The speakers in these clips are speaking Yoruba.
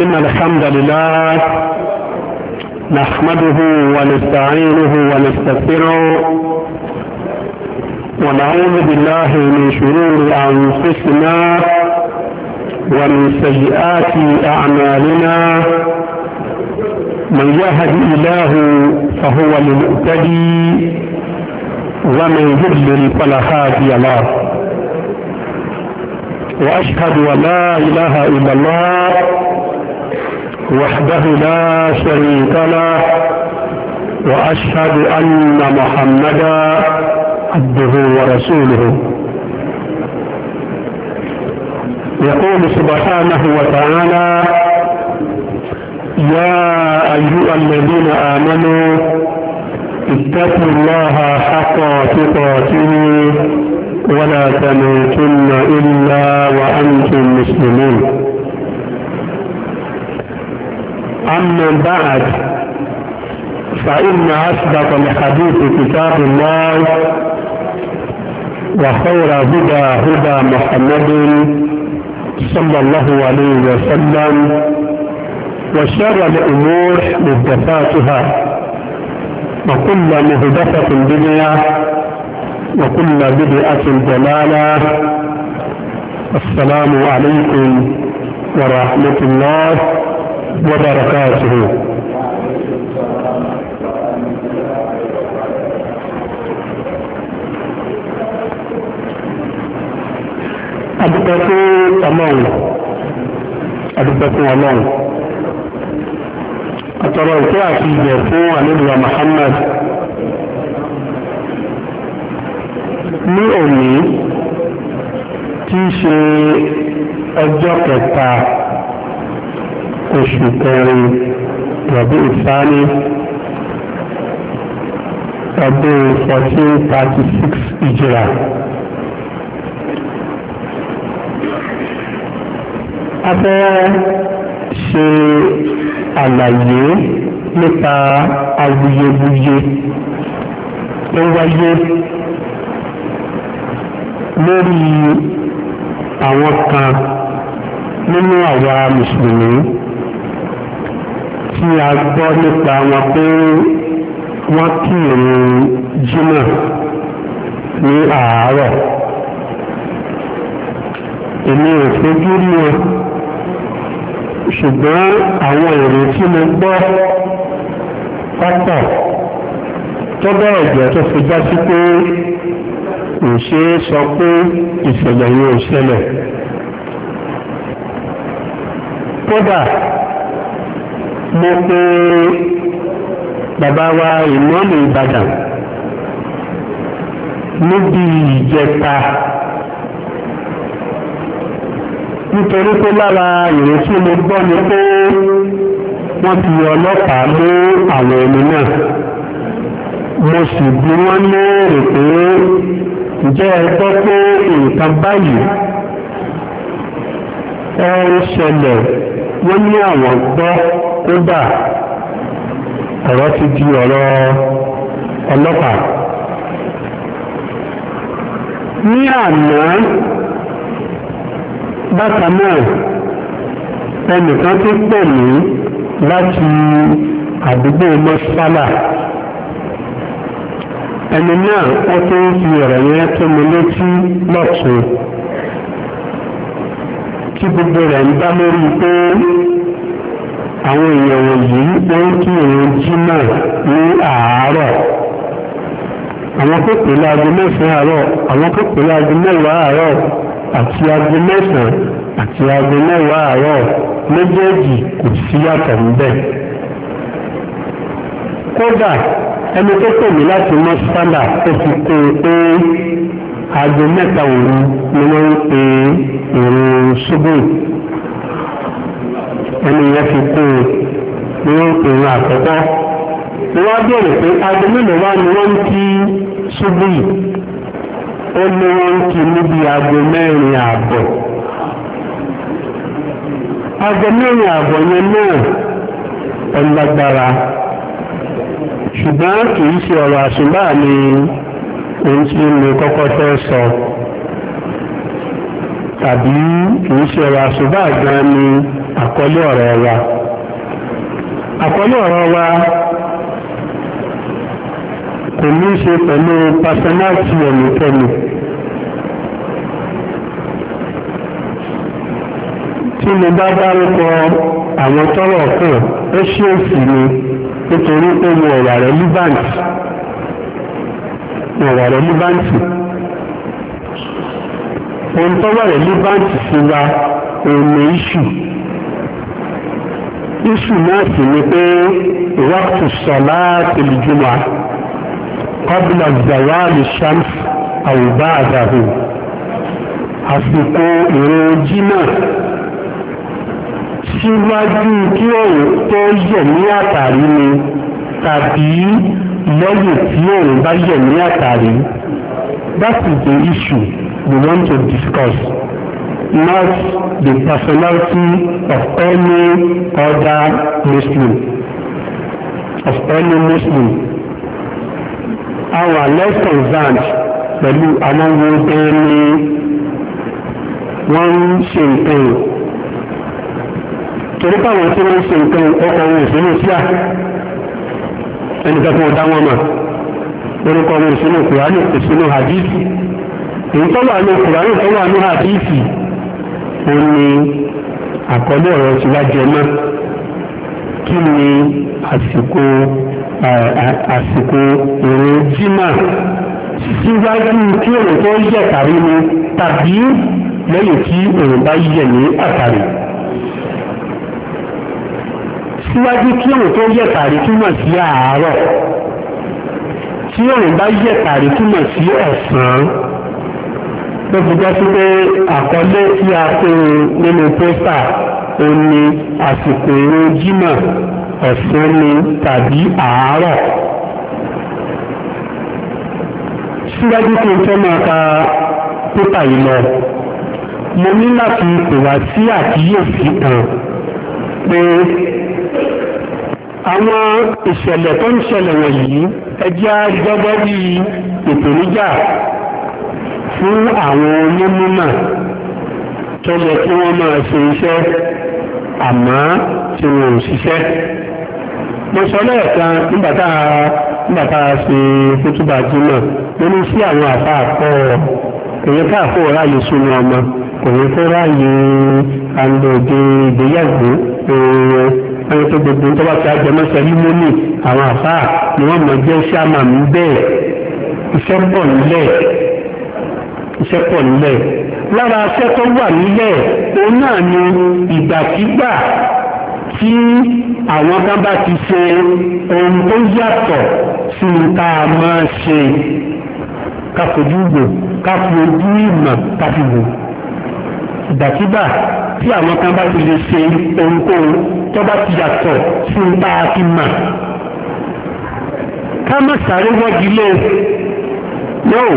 إن الحمد لله نحمده ونستعينه ونستغفره ونعوذ بالله من شرور أنفسنا ومن سيئات أعمالنا من يهد الله فهو المؤتدي ومن يضلل فلا هادي له واشهد ان لا اله الا الله وحده لا شريك له وأشهد أن محمدا عبده ورسوله يقول سبحانه وتعالى يا أيها الذين آمنوا اتقوا الله حق تقاته ولا تموتن إلا وأنتم مسلمون أما بعد فإن أصدق الحديث كتاب الله وخير هدى هدى محمد صلى الله عليه وسلم وشر الأمور مهدفاتها وكل مهدفة بدعة وكل بدعة ضلالة السلام عليكم ورحمة الله وبركاته adúpẹ́ fún ọlọ́run adúpẹ́ fún ọlọ́run àtọ̀rọ̀ ìfẹ́ àti ìbẹ̀ fún àlébùwà Muhammad ní òní tí í ṣe ọjọ́ kẹta oṣù kẹrin rọ̀bí ìsáni ọdún 1436 ìjìrà a fẹ́ ṣe àlàyé nípa awuyewuye tó wáyé lórí àwọn kan nínú àwa mùsùlùmí tí a gbọ́ nípa wọn pé wọ́n kí ìrìn jimá ní àárọ̀ èmi ò fojú rí wọn ṣùgbọ́n àwọn èrè tí mo gbọ́ pápọ̀ tó bẹ̀rẹ̀ jẹ́ tó fi já sí pé kò ṣe é sọ pé ìṣẹ̀lẹ̀ yóò ṣẹlẹ̀ kódà mo pe bàbá wa ìmọ̀ọ́mù Ìbàdàn níbi ìjẹta nítorí pé lára ìrètí mo gbọ́ ni pé wọ́n ti ọlọ́pàá mú àwọn ẹni náà mo sì bí wọ́n léèrè pé ǹjẹ́ ẹ gbọ́ pé nǹkan báyìí ẹ ń ṣẹlẹ̀ wọ́n ní àwọn gbọ́ kódà ọ̀rọ̀ ti di ọ̀rọ̀ ọlọ́pàá ní àná bákan náà ẹnìkan ti pè mí láti àdúgbò mọ́sálà ẹni náà ó tó ń fi ọ̀rọ̀ yẹn tó mi létí lọ́tún kí gbogbo rẹ̀ ń dá lórí pé àwọn èèyàn wọ̀nyí wọ́n kí òun jímà ní àárọ̀ àwọn tó pè láago mẹ́sàn-án àárọ̀ àwọn tó pè láago mẹ́wàá àárọ̀ àti aago mẹ́sàn-án àti aago mẹ́wàá àárọ̀ méjèèjì kò sí yàtọ̀ níbẹ̀ kódà ẹni tó pè mí láti mọ sábà ó fi pé pé aago mẹ́ta òru ni wọ́n ń pe ìrìn ṣubú ẹni yẹn fi kú ní ìrìn àkọ́kọ́ wọ́n á bẹ̀rẹ̀ pé aago mélòó wá ni wọ́n ń kí ṣubú yìí ó ní wọ́n ń kí níbi aago mẹ́rin ààbọ̀ aago mẹ́rin ààbọ̀ yẹn náà ọlágbára ṣùgbọ́n kì í ṣe ọ̀rọ̀ àṣùbà ni ohun tí mo kọ́kọ́ fẹ́ sọ tàbí kì í ṣe ọ̀rọ̀ àṣùbà gan ni àkọlé ọ̀rọ̀ wa àkọlé ọ̀rọ̀ wa kò ní ṣe pẹ̀lú pásánátì ẹnikẹ́ni tí mo bá dárúkọ àwọn tọ́rọ̀ kàn ó ṣe òsì ni nítorí pé mo ọ̀wà rẹ́líbáǹtì mo ọ̀wà rẹ́líbáǹtì ohun tọ́wọ́ rẹ́líbáǹtì sí wa òun ní ìṣù hadisu náà sì ni pé waqtu salati al-jumu'a qabla zawali shams aw ba'dahu àsìkò ìrun jímọ̀ síwájú kí òun tó yẹ̀ ní àtàrí ni tàbí lẹ́yìn tí òun bá yẹ̀ ní àtàrí that is the issue we want to discuss not the personality of any other Muslim of any Muslim Our wà less concerned pẹ̀lú àwọn wo bẹ́ẹ̀ ni wọ́n ń ṣe nǹkan torí káwọn tí wọ́n ń ṣe nǹkan ọkọ̀ wọn ìṣúná sí à ẹnìkan tó dá wọn mà orúkọ wọn ìṣúná kùránì ìṣúná hadithi èyí tó wà ní kùránì tó wà ní hadithi ó ní àkọlé ọ̀rọ̀ tí wá jẹ mọ́ kí ni àsìkò àsìkò ìrìn jimá síwájú kí òun tó yẹ kárí ni tàbí lẹ́yìn tí òun bá yẹ ní àtàrí síwájú kí òun tó yẹ kárí túmọ̀ sí àárọ̀ tí òun bá yẹ kárí túmọ̀ sí ọ̀sán tó fi jẹ́ pé àkọlé tí a kó nínú pósítà ó ní àsìkò ìrun jímọ̀ ọ̀sán ni tàbí àárọ̀ síwájú kí n tó máa ka pósítà yìí lọ mo ní láti pè wá sí àkíyèsí kan pé àwọn ìṣẹ̀lẹ̀ tó ń ṣẹlẹ̀ wọ̀nyí ẹjẹ́ á gbọ́gbọ́ bí ìpèníjà fún àwọn onímọ̀ tó kí wọ́n máa ṣe iṣẹ́ àmá tí wọ́n ṣiṣẹ́ mo sọ lẹ́ẹ̀kan nígbà tá a kútúbà jímọ̀ mo ní sí àwọn àfa àkọ́ kò yẹ káàkó ráàyè súnmọ́ ọmọ kò kó àndòdè ìgbéyàwó ẹ̀rọ tó iṣẹ́ pọ̀ nílẹ̀ lára iṣẹ́ tó wà nílẹ̀ òun náà ni ìgbàkigbà tí àwọn kan bá ti ṣe ohun tó yàtọ̀ sí tá a máa ṣe káfojú wò káfojú ìmọ̀ káfi wò ìgbàkigbà tí àwọn kan bá ti lè ṣe ohunkóhun tó bá ti yàtọ̀ sí tá fi mà ká má sáré wọ́gilé yóò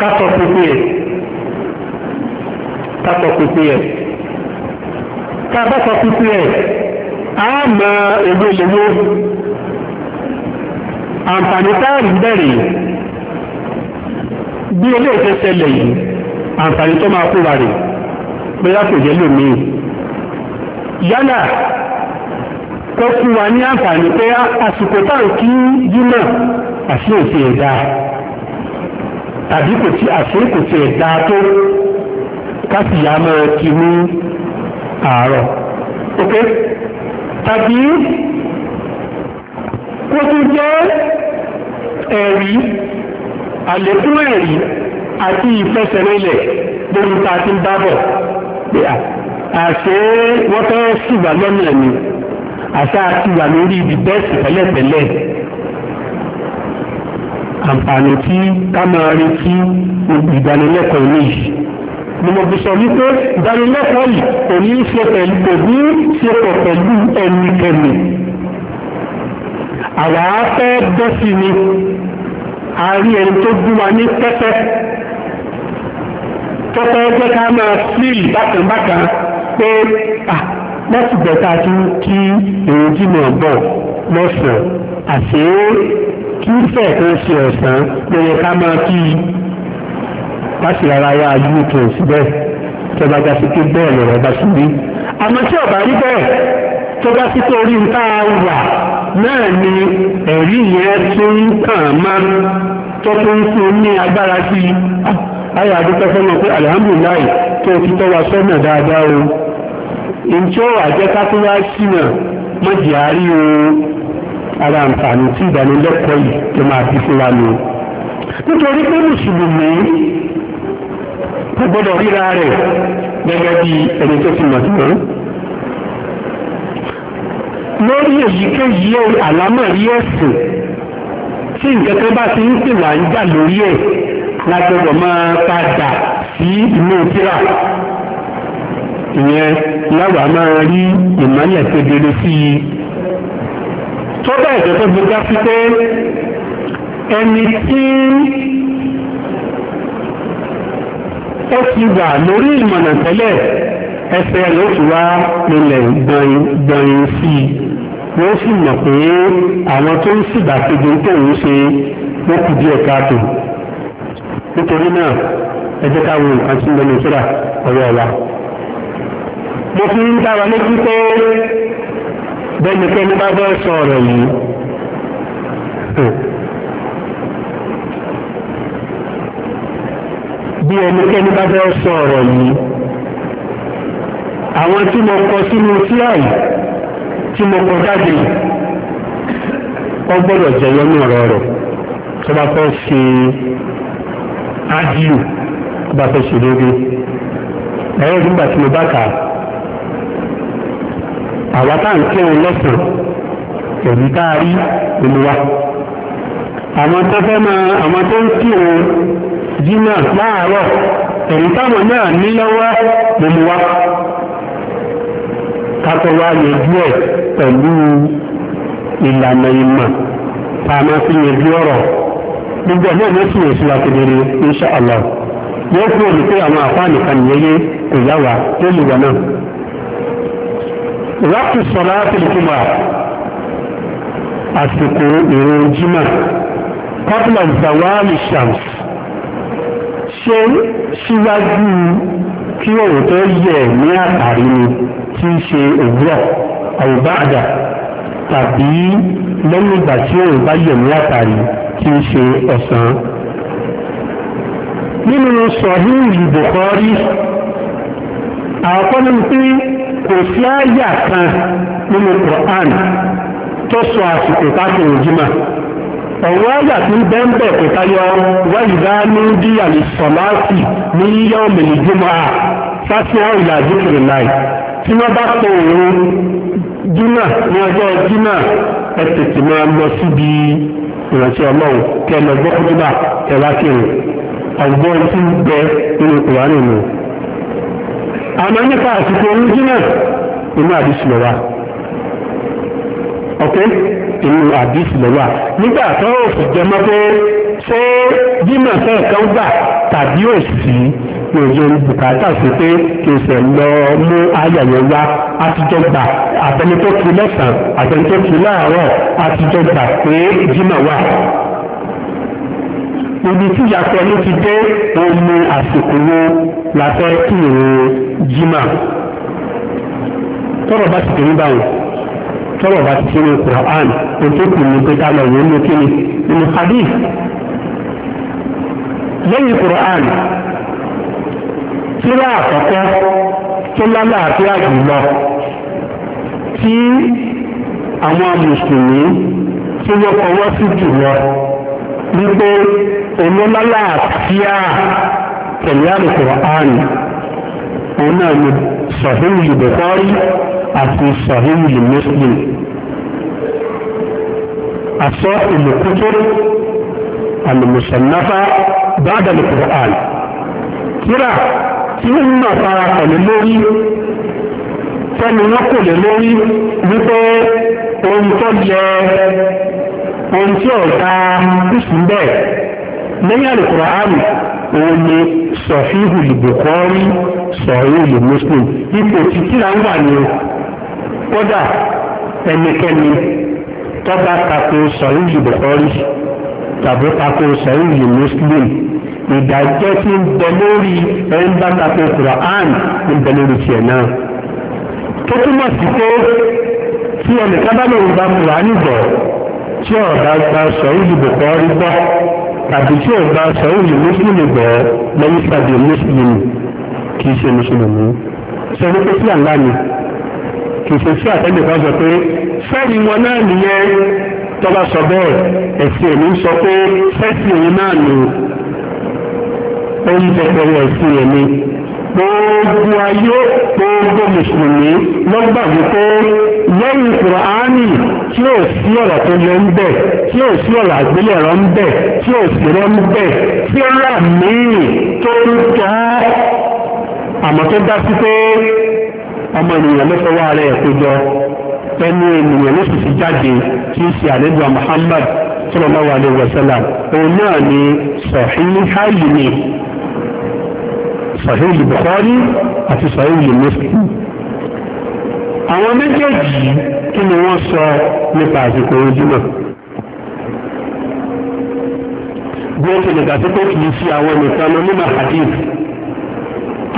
kátọ pípé ẹ kátọ pípé ẹ kábàtọ pípé ẹ á mọ ewé lewó àǹfààní táàrí bẹ̀rẹ̀ bí eléyìí ṣẹlẹ̀ yìí àǹfààní tó máa kó wa rè bóyá kò jẹ́ lómii yálà kó fún ní àǹfààní pé àsìkò táà kí yí náà àti ẹ̀dá tàbí kò tí àṣẹ kò tí ẹ̀ dáa tó kásìyà mọ́ ẹ ti ní àárọ̀ ok tàbí kó tún jẹ́ ẹ̀rí àlékún ẹ̀rí àti ìfẹsẹ̀rẹ́lẹ̀ lórí ta ti ń bábọ̀ pé àṣẹ wọ́n fẹ́ ṣùgbà lọ́nà ẹ̀mí àṣà àti wà lórí ibi bẹ́ẹ̀sì pẹ̀lẹ́pẹ̀lẹ́ àǹfààní tí ká máa retí ìdánilẹ́kọ̀ọ́ ilé yìí ni mo fi sọ wípé ìdánilẹ́kọ̀ọ́ yìí kò ní í ṣe pẹ̀lú kò ní í ṣe pọ̀ pẹ̀lú ẹnikẹ́ni àwa fẹ́ dẹ́sí ni a rí ẹni tó gún wa ní pẹ́pẹ́ tọ́pẹ́ jẹ́ ká máa fíìlì bákanbákan pé láti gbẹ̀ta tí kí èrò jìnnà bọ̀ lọ́sàn-án àṣeyẹ́ túfẹ̀ kan ṣe ọ̀sán lóye ká máa kí i láti rárá yá ayé tó síbẹ̀ tó bá já sí pé bẹ́ẹ̀ lọ̀rọ̀ bá sí rí àmọ́ tí ọ̀bá rí bẹ́ẹ̀ tó bá sí pé orí nta wà náà ni ẹ̀rí yẹn tó ń kàn máa tó tó ń fún ní agbára sí i ah, ayé àdúgbò fẹ́ràn pé alihamudulilayi tó ti tọ́ wa sọ́nà dáadáa o ǹjọ́ àjẹká tó wá sí náà mọ̀jì àárí o ara àǹfààní tí ìdánilẹ́kọ̀ọ́ yìí tó máa fi fún wa ni nítorí pé mùsùlùmí kò gbọ́dọ̀ ríra rẹ̀ gẹ́gẹ́ bí ẹni tó ti mọ̀ tán lórí èyíkéyìí àlámọ̀rí ẹ̀sìn tí nǹkan kan bá ti ń pè wá ń jà lórí ẹ̀ lágbọ́dọ̀ máa padà sí inú tíra ìyẹn láwàá máa rí ìmọ̀lẹ̀ kedere sí i tó bẹ́ẹ̀ jẹ́ tó fi já sí pé ẹni tí ó ti wà lórí ìmọ̀nà tẹ́lẹ̀ ẹsẹ̀ rẹ̀ ó ti wá nílẹ̀ gbọ̀nyìn sí i wọ́n sì mọ̀ pé àwọn tó ń sìgbà kejì tó ń ṣe wọ́n kù díẹ̀ káàtó nítorí náà ẹ jẹ́ káwọn nǹkan tí ń lọ ní ìṣúra ọ̀rọ̀ ọ̀la mo fi ń dára lójú pé bẹ́nikẹ́ni bá bọ́ sọ ọ̀rọ̀ yìí bí ẹnikẹ́ni bá bọ́ sọ ọ̀rọ̀ yìí àwọn tí mo kọ sínú tíà yìí tí mo kọ jáde wọ́n gbọ́dọ̀ jẹyọ ní ọ̀rọ̀ rẹ̀ tó bá fẹ́ ṣe ádìlù tó bá fẹ́ ṣe lórí ẹ̀rọ ìgbà tí mo bá kà á àwa tá à ń kírun lọ́sàn èyí tá a rí nínú wa àwọn tó fẹ́ máa àwọn tó ń kírun jìnnà láàárọ̀ èyí táwọn náà ní lọ́wọ́ nínú wa kátó wá yanjú ẹ̀ pẹ̀lú ìlànà ìmọ̀ tá a máa fi yanjú ọ̀rọ̀ gbogbo ọ̀nà ìlú sì èsì àkèdèrè inṣàlá yóò kúrò ní àwọn àpá nìkan nìyẹn kò yá wa tó lè wà náà wákì sọ̀rọ̀ àtìlùkùmà àsìkò ìrun jímà kọ́pìlà zawali shams ṣe síwájú kí òun tó yẹ ní àtàrí ni tí í ṣe òwúrọ̀ àwòbáàdà tàbí lẹ́yìn ìgbà tí òun bá yẹ ní àtàrí tí í ṣe ọ̀sán nínú sọ̀hìn ìlú Bukhari àwọn kò sí àyà kan nínú Qur'an tó sọ àsìkò káàkiri jimá ọ̀wọ́ àyà tí ń bẹ́ ń bẹ̀ kò tayọ wáyìdá ní bí àlìsọ̀láàtì ní yíyá òmìnir jùmọ̀ à fásitì àwọn ìlàjì kìrì láì tí wọ́n bá pọ̀ òun jimá ní ọjọ́ jimá ẹ tètè máa lọ síbi ìrántí ọlọ́run kẹ́ ẹ lọ gbọ́ kúrúbà ẹ wá kírun ọ̀gbọ́n tí ń bẹ nínú Qur'an nù àmọ́ nípa àsìkò oúnjínà inú àdìsí lọ wà ok inú àdìsí lọ wà nígbà tó ò sì jẹ mọ́ pé ṣé bímọ fẹ́ẹ̀ kan gbà tàbí òsì òye bùkátà sí pé kì í ṣe lọ mú ayẹyẹ wá àtijọ́ gbà àtẹni tó kí lọ́sàn-án àtẹni tó kí àtijọ́ gbà pé jímọ̀ wà ibi tí ìyàtọ̀ ló ti dé omi àsìkò wo la fẹ́ kí ìrìn jimá tọrọ bá ti tẹ̀lé báwọn tọrọ bá ti ṣe ní Qur'an tó tó kù ní pé ká lọ wọ́n ní kíni nínú hadith lẹ́yìn Qur'an tíra àkọ́kọ́ tó lálàáfíà jùlọ tí àwọn mùsùlùmí tí wọ́n kọwọ́ sí jùlọ wípé olólálà àfíà pẹ̀lú Al-Qur'an òun náà ni Sahih Bukhari àti Sahih Muslim asọ́ al-kutub al-musannafa ba'da Al-Qur'an kíra tí ó ń nà fara pẹ̀lú lórí tẹ́ni wọ́n kò lè lórí wípé ohun tó yẹ ohun tí ọ̀gá kristu bẹ́ẹ̀ lẹ́yìn àlùkùránì òun ni sọ̀fíhù lìbùkọ́rí sọ̀híhù muslim ipò tí tíra ń wà ní o kódà ẹnikẹ́ni tó bá tako sọ̀híhù lìbùkọ́rí tàbí tako sọ̀híhù muslim ìdájọ́ tí ń bẹ lórí ẹni bá tako kùránì ń bẹ lórí tiẹ̀ náà tó túmọ̀ sí pé tí ẹnìkan bá lòun bá kùránì gbọ́ tí ọ̀gá gba sọ̀rọ̀ ìbùkọ́ rí gbọ́ tàbí tí ọ̀gá sọ̀rọ̀ ìmúsùlùmí gbọ́ lẹ́yìn sàbí mùsùlùmí kì í ṣe mùsùlùmí sọ wípé sí àlá ni kì í ṣe sí àtẹ́lẹ̀ kan sọ pé sẹ́ẹ̀rì wọn náà nìyẹn tọ́ba sọ bẹ́ẹ̀ ẹ̀sìn èmi ń sọ pé sẹ́ẹ̀sì òun náà nù ó ń tẹ́tẹ́rẹ́ ẹ̀sìn èmi gbogbo ayé gbogbo mùsùlùmí ló gbà wípé lẹ́yìn kùránì tí ò sí ọ̀rọ̀ tó lọ ń bẹ̀ tí ò sí ọ̀rọ̀ àgbélẹ̀rọ ń bẹ̀ tí ò sí rọ ń bẹ̀ tí ó rà míì tó ń tọ́ àmọ́ tó dá sí pé ọmọ ènìyàn ló fọwọ́ ara ẹ̀ kó ẹnu ènìyàn ló sì fi jáde tí í ṣe àlejò Muhammad sallallahu alaihi wasallam òun náà ni sọ̀hìn háyìí ni sahih bukhari àti sahih muslim àwọn méjèèjì kí ni wọ́n sọ nípa àsìkò ojúmọ̀ bí ó ti lè gàtí pé kìí sí àwọn nìkan lọ nínú hadith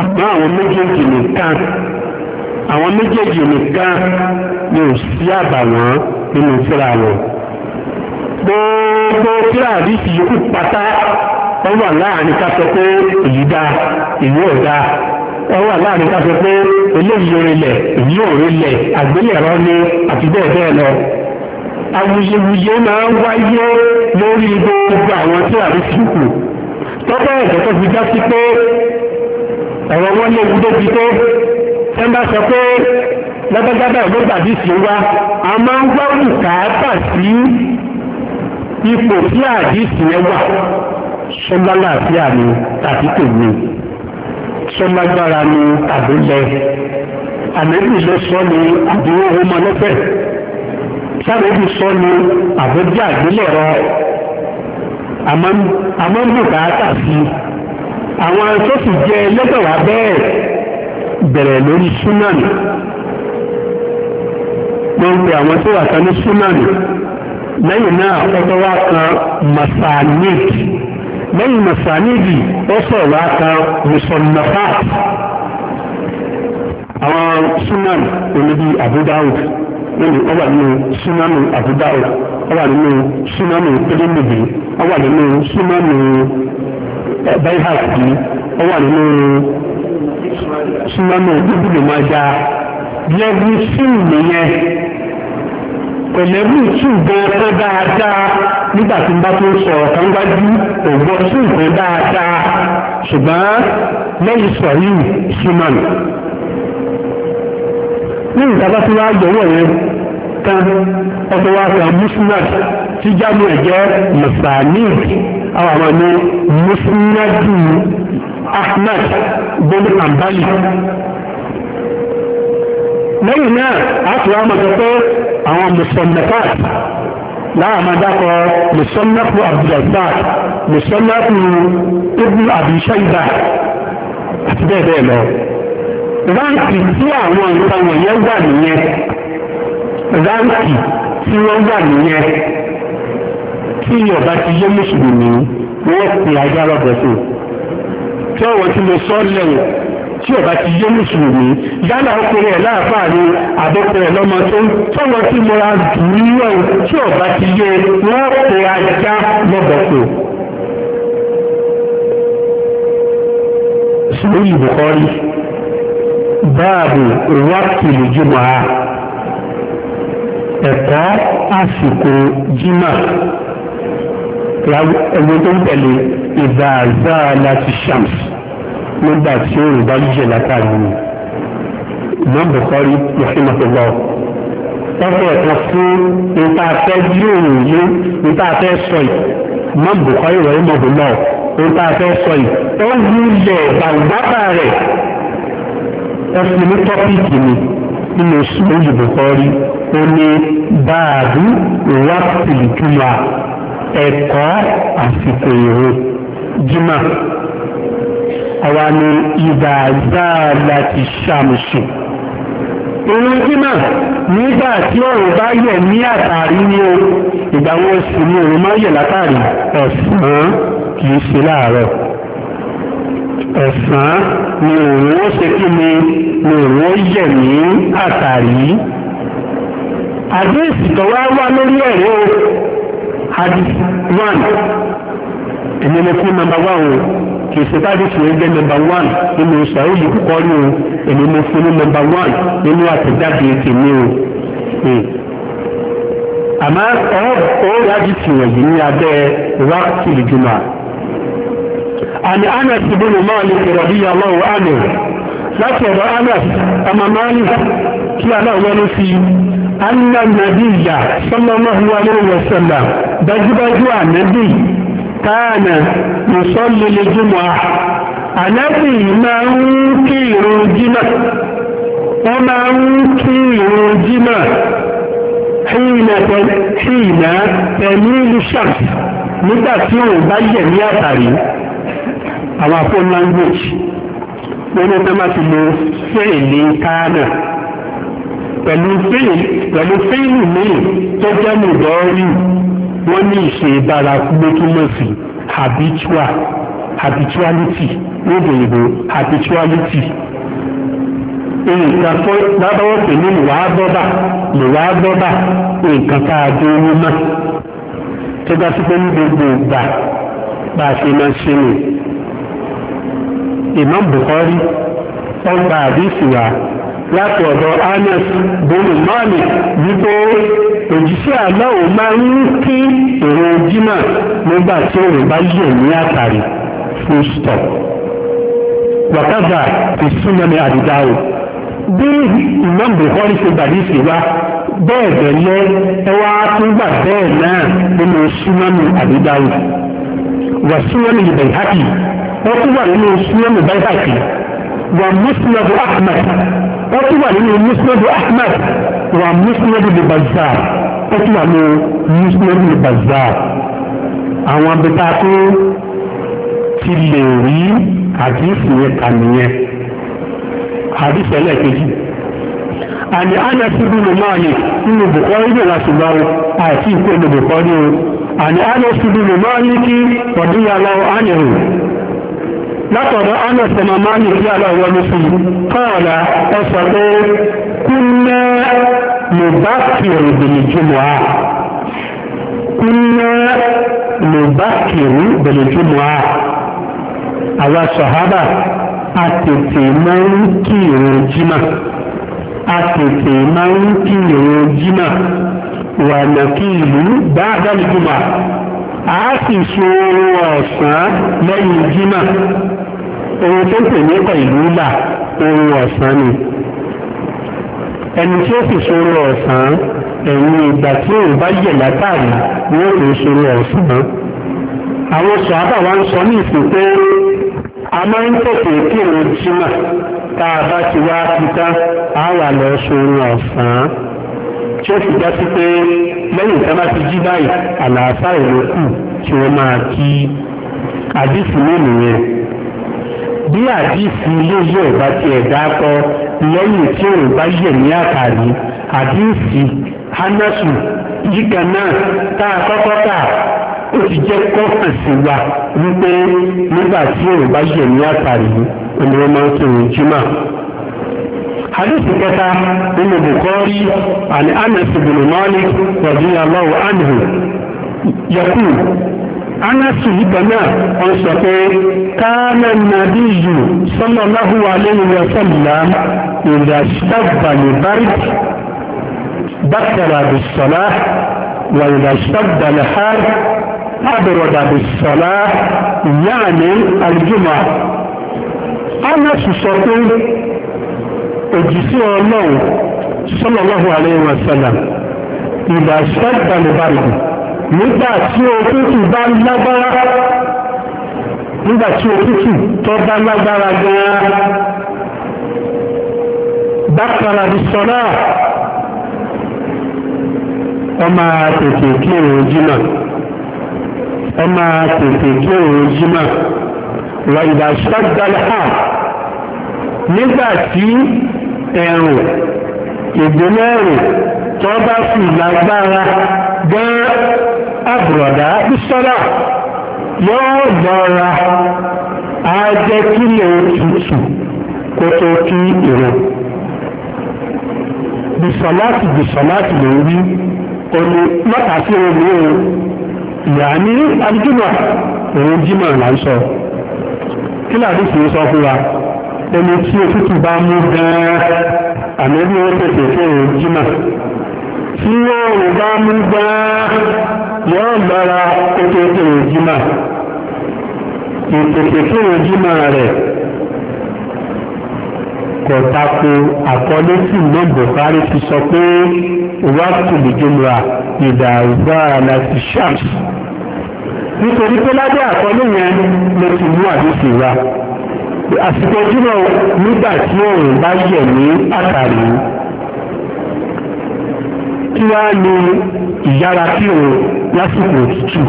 àmọ́ àwọn méjèèjì nìkan àwọn méjèèjì nìkan ni ò sí àbàwọ́n nínú síra wọn gbogbo síra àdìsí yòókù pátá wọ́n wà láàrin ká sọ pé èyí dáa èyí ò dáa wọ́n wà láàrin ká sọ pé eléyìí orílẹ̀ èyí ò rílẹ̀ àgbélẹ̀rọ ni àti bẹ́ẹ̀ bẹ́ẹ̀ lọ. awuyewuye máa ń wáyé lórí gbogbo àwọn tí àrí síkù tọ́pẹ́ ẹ̀jẹ̀ tó fi já sí pé ọ̀rọ̀ wọn léwu débi pé ẹ bá sọ pé lọ́gbàgbà ló gbàdí sí wa a máa ń wá òkà bà sí ipò tí àdìsí ẹ wà sọ́lá làáfíà ni tàbí kò ní sọ́lá gbára ni tàbí lẹ àmẹ́bí ló sọ ni àdúró ọmọ lọ́fẹ̀ sárébí sọ ni àbójá àgbélẹ̀rọ àmọ́ ń bùkátà sí àwọn tó sì jẹ lẹ́gbẹ̀wá bẹ́ẹ̀ bẹ̀rẹ̀ lórí súnmọ́nì wọ́n pe àwọn tó wà kan súnmọ́nì lẹ́yìn náà ọ̀tọ̀ kan masanit lẹ́yìn masanidi ó sọ̀rọ̀ aka musannafat àwọn sunan oníbi Abu Dawud nínú ọwà nínú sunanu Abu Dawud ọwà nínú sunanu pẹlẹmìbì ọwà nínú sunanu eh, bayhaqi ọwà nínú sunanu ibùdó máa bí ẹbí sínú nìyẹn pẹ̀lẹ́bù túbọ̀ ọ̀fẹ́ dáadáa nígbà tí n bá tó sọ ọ̀kan gbájú ògbọ́ túbọ̀ dáadáa ṣùgbọ́n lẹ́yìn sọ̀rí ṣùmọ̀n. ní ìtàbá tí wọ́n á gbọ́wọ́ yẹn kan ọ̀tọ̀ wa fẹ́ musnad tí jáde ẹ̀jẹ̀ masanid àwọn àwọn ní musnadu ahmad bin ambali lẹ́yìn náà a tún wá mọ̀tọ́ pé àwọn mùsọ̀mẹ́fàt láàmà dákọ̀ mùsọ̀mẹ́fù abdulrasaq mùsọ̀mẹ́fù ibn abishayba àti bẹ́ẹ̀ bẹ́ẹ̀ lọ. ráǹkì tí àwọn nǹkan wọ̀nyẹn wà nìyẹn ráǹkì tí wọ́n wà nìyẹn tí yorùbá ti yé mùsùlùmí wọ́n pè ajá lọ́bọ̀ọ́sùn tí ọ̀wọ́ ti lè sọ́ọ́lẹ̀ tí ọba ti yé mùsùlùmí yálà ọkùnrin ẹ̀ láàfáà ni àbọ̀kùnrin ẹ̀ lọ́mọ tó tọ́wọ́ tí mo ra dùn níwọ̀ tí ọba ti yé wọ́n pe ajá lọ́bọ̀kù. sùúrù Bukhari báàbù wákìlì jùmọ̀ a ẹ̀kọ́ àsìkò jimá ẹ̀wọ̀n tó ń tẹ̀lé ìbàzà láti shams nígbà tí òòrùn bá jíjẹ látàrí ni Imam Bukhari rahimahullah wọ́n fẹ́ ẹ̀kan fún nípa afẹ́ jíròrò yìí nípa afẹ́ sọ yìí Imam Bukhari rahimahullah nípa afẹ́ sọ yìí ó wúlẹ̀ gbàgbàbà rẹ̀ ẹ fún tọ́pìkì ni nínú sùúrù Bukhari ó ní báàbù wákìlì jùlọ ẹ̀kọ́ àsìkò ìró jimá àwa ni ìgbà záàlà ti ṣàmùsùn ìrun jímà nígbà tí ọ̀run bá yẹ̀ ní àtàrí ní o ìgbà wọn sì ni òun máa yẹ̀ látàrí ọ̀sán kì í ṣe láàárọ̀ ọ̀sán ni òun ó ṣe kí ni ni òun ó yẹ̀ ní àtàrí àdéhùn tó wá wá lórí ẹ̀rọ hadith one èmi ni kú nọ́mbà one o kì í ṣe bá dìtì ẹgbẹ́ nọmba wán nínú sàúlì kọ́kọ́ rí o èmi mo fún ní nọmba wán nínú àtẹ̀jáde tèmi o. Hmm. àmọ́ ọ̀rọ̀ àdìtì wọ̀nyí ní abẹ́ wákìtì ìjùmọ̀. àmì anas ibn Malik radiyallahu anhu láti ọ̀dọ̀ anas ọmọ Malik kí aláwọ̀ ló fi anna nàbíyà sallallahu alaihi wasallam dájúdájú ànábì káànà ìsọ́lélé jùmọ̀ à ànábì máa ń kí ìrun jímà wọ́n máa ń kí ìrun jímà hìnà pẹ̀lú lùsàk nígbà tí òun bá yẹ̀ ní àtàrí àwọn àpọ̀ language wọ́n ní ọjọ́ máa ti lo fẹ́ẹ̀lì káànà pẹ̀lú fẹ́ẹ̀lì tó jẹ́ mùdọ́rí wọ́n ní ìṣe bárakú ló túmọ̀ habitual habituality ní ìdòyìnbó habituality nǹkan tó lábáwọ̀ pé ní ìwà bọ́bà ìwà bọ́bà nǹkan tá a dé owó náà tó dá sí pé ní gbogbo ìgbà bá a ṣe máa ṣe nù Imam Bukhari ọgbà àdìsí wa láti ọ̀dọ̀ Anas bonu Malik wípé òjíṣẹ́ aláwọ̀ máa ń kí èrò jimá nígbà tí òun bá yẹ̀ ní àtàrí full stop wàkàtà ti súnmọ́ ní àdìdáwò bí Imam Bukhari ṣe gbàdí sí wa bẹ́ẹ̀ bẹ̀lẹ́ ẹ wá tún gbà bẹ́ẹ̀ náà nínú súnmọ́ ní àdìdáwò wà súnmọ́ ní Bayhaqi wọ́n tún wà nínú súnmọ́ ní Bayhaqi wà Musnad Ahmad wọ́n tún wà nínú musnad ahmad wà musnad lè bazar wọ́n tún wà nínú musnad lè bazar àwọn abẹ́ta tó ti lè rí àdìsí yẹn kà nìyẹn àdìsí ẹlẹ́ẹ̀kejì àní Anas ibn Malik nínú Bukhari ní ìlàsì lọ́wọ́ àti ìpè nínú Bukhari o àní Anas ibn Malik kí ọ̀dúnyàlọ́ ánìrò látọ̀dọ̀ Anas ọmọ máàlì sí aláwọ̀ lóṣù kọ́ọ̀lá ọ̀sọ̀ pé kúnná lè bá kí òrùbìnrin jùmọ̀ á kúnná lè bá kí òrùbìnrin jùmọ̀ á àwọn sọ̀hábà a tètè máa ń kí ìrun jímà a tètè máa ń kí jímà wà lọ́kí ìlú bá dálùjùmọ̀ a sì ṣe ọ̀sán lẹ́yìn jímà ohun tó ń pè ní kọ̀ìlúlà ohun ọ̀sán ni ẹni tí ó sì ṣòro ọ̀sán ẹ̀yìn ìgbà tí òun bá yẹ̀ látàrí ni ó lè ṣòro ọ̀sán àwọn sọ̀hábà wa ń sọ ní ìsìn pé a máa ń tètè kírun jímà tá a bá ti wá kíta a wà lọ ṣòro ọ̀sán tí ó fi já sí pé lẹ́yìn tí a bá ti jí báyìí àlàáfáà ìlú kù tí wọ́n máa kí àdìsí nínú yẹn bí àdìsí iléeṣẹ́ ìbá ti ẹ̀dá kọ lẹ́yìn tí òun bá yẹ̀ ní àkàrí àdìsí hanasu yíkan náà tá a kọ́kọ́ kà ó ti jẹ́ kọ́fẹ̀sì wa wípé nígbà tí òun bá yẹ̀ ní àkàrí olùwọ́ máa ń kírun jimá. حديث كتا من البخاري عن انس بن مالك رضي الله عنه يقول anasi ibana wọ́n sọ pé káàmà nàbí yù sallallahu alaihi wa sallam ìdàṣàbàlì bárìkì bàtàrà bìsọ̀lá wà ìdàṣàbàlì hàr àbẹ̀rọ̀dà bìsọ̀lá yáàní aljúmọ̀ anasi sọ pé òjìṣẹ́ ọlọ́run sallallahu alaihi wa sallam ìdàṣàbàlì bárìkì nígbà tí òtútù bá lágbára nígbà tí òtútù tó bá lágbára gan-an bákanà bí sọ́nà ọmọ tètè kí òun jímà ọmọ tètè kí òun jímà wà ìdá ṣọ́gbàlá nígbà tí ẹ̀rùn tó bá fi lágbára gan àbùrọ̀dá bísọ́lá yóò lọ́ra á jẹ́ kílẹ̀ tutù kó tó kí ìrò bisalati bisalati ló ń wí òní mọ́ta sí omi o ìyá ní adúgbò òun jímọ̀ là ń sọ kí láàrín sì ń sọ fún wa omi tí òtútù bá mú gan-an àmì ẹni ó tètè fún òun jímọ̀ tí yóò bá mú gbá yóò gbára kótótó ìjímà ìpèpèkè ìjímà rẹ̀ kò tako àkọlé tí ìlú Bukhari ti sọ pé wákùtù lìjọba ìdàrúgbà láti shams nítorí pé lábẹ́ àkọlé yẹn ló ti mú àdúgbò wa àsìkò jùlọ nígbà tí òun bá yẹ̀ ní àtàrí kí wá lo ìyára kí òun lásìkò òtútù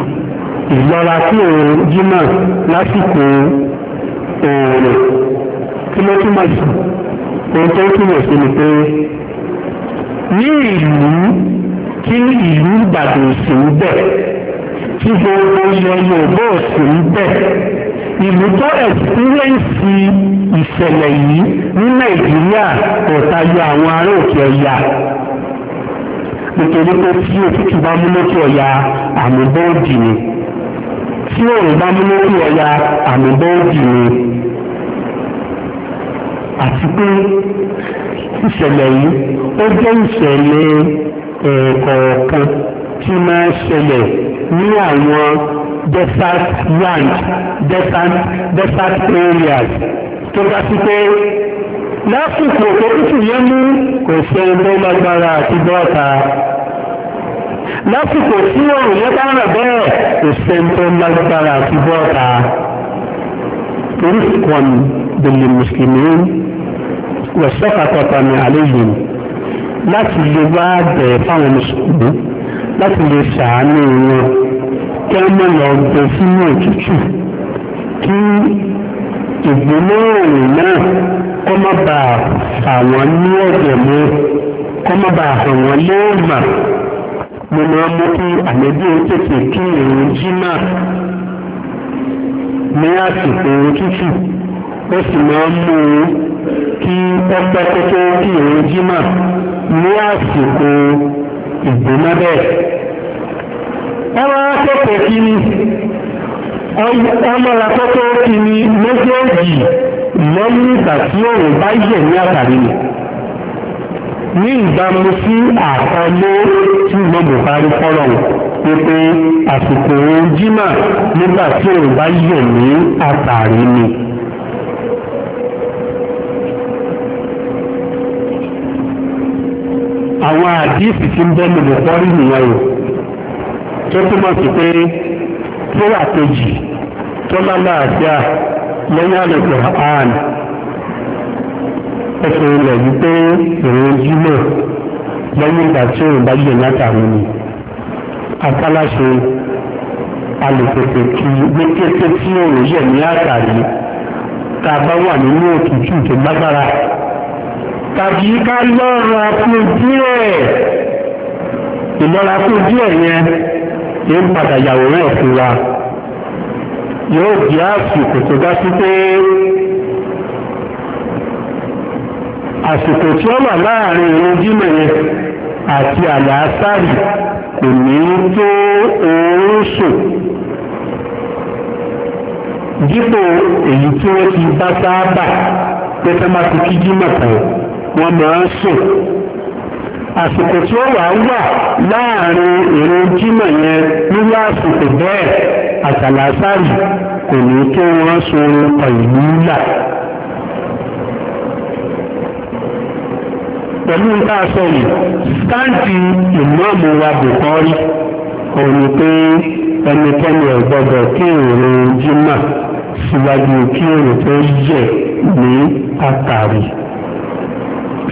ìlọra kí òun jímà lásìkò òòrùn kí ló túmọ̀ sí ohun tó túmọ̀ sí ni pé ní ìlú tí ìlú Ìbàdàn sì ń bẹ̀ tí gbogbo ilẹ̀ Yorùbá sì ń bẹ̀ ìlú tó ẹ̀sìpírẹ́ǹsì ìṣẹ̀lẹ̀ yìí ní Nàìjíríà ọ̀tayọ àwọn ará òkè ọya nítorí pé tí òtútù bá mú lókè ọ̀yà àmì bóòdì ni tí òòrùn bá mú lókè ọ̀yà àmì bóòdì ni àti pé ìṣẹ̀lẹ̀ yìí ó jẹ́ ìṣẹ̀lẹ̀ ẹ̀ẹ̀kọ̀ọ̀kan tí máa ń ṣẹlẹ̀ ní àwọn desert land desert desert areas tó bá sí pé lásìkò tó tútù yẹn mú kò sí ohun tó lágbára àti bọ́ọ̀ta lásìkò tí òòrùn yẹn bá rẹ̀ bẹ́ẹ̀ kò sí ohun tó lágbára àti bọ́ọ̀ta rifqan bil muslimin wa shafaqatan alayhim láti lè wá bẹ̀ fáwọn mùsùlùmí láti lè ṣàánú wọn kí wọ́n mọ̀ lọ gbé sínú òtútù kí ìgbóná òòrùn náà kó má bà fà wọ́n ní ẹ̀jẹ̀ mu kó má bà hàn wọ́n léèmà mo máa mú kí àlejò tètè kí ìrìn jimá ní àsìkò tútù ó sì máa ń mú un kí ọpẹ́ kó tó kí ìrìn jimá ní àsìkò ìgbóná bẹ́ẹ̀. ẹ wá kẹ́kọ̀ọ́ kí ni ọmọlàtọ́ tó kí ni méjèèjì lẹ́yìn ìgbà tí òun bá yẹ̀ ní àtàrí ni ní ìbámu sí àkọlé tí ìmọ̀ Buhari fọ́rọ̀ wípé àsìkò òun jímà nígbà tí òun bá yẹ̀ ní àtàrí ni. àwọn àdíìsì tí ń bẹ́nu Buhari nìyẹn o tó túmọ̀ sí pé síra kejì tó lálàáfíà lẹ́yìn àlùkò hàn ó fi ilẹ̀ wípé ìrìn jímọ̀ lẹ́yìn ìgbà tí òun bá yẹ̀ látàrí ni akáláṣe alùpùpù kí ní kété tí òun yẹ̀ ní àtàrí tá a bá wà nínú òtútù tó lágbára tàbí ká lọ́ra fún díẹ̀ ìlọ́ra fún díẹ̀ yẹn ní padà yàwòrán ẹ̀ fún wa yóò di àsìkò tó dá sí pé àsìkò tí ó wà láàrin ìrun jímọ̀ yẹn àti àlàásàrì kò ní tó oorun sùn dípò èyí tí wọ́n ti bá sáábà pé tá má ti kí jímọ̀ tán wọ́n máa ń sùn àsìkò tí ó wà wà láàrin ìrun jímọ̀ yẹn nínú àsìkò bẹ́ẹ̀ àtàlásàrì kò ní kí wọ́n sun ọ̀yìn nílà pẹ̀lú nǹkan aṣọ yìí sáǹtì ìmọ̀ọ́mù wa bùkọ́rí òun ni pé ẹnikẹ́ni ò kí ìrun jímọ̀ síwájú kí ìrun tó yẹ ní àtàrí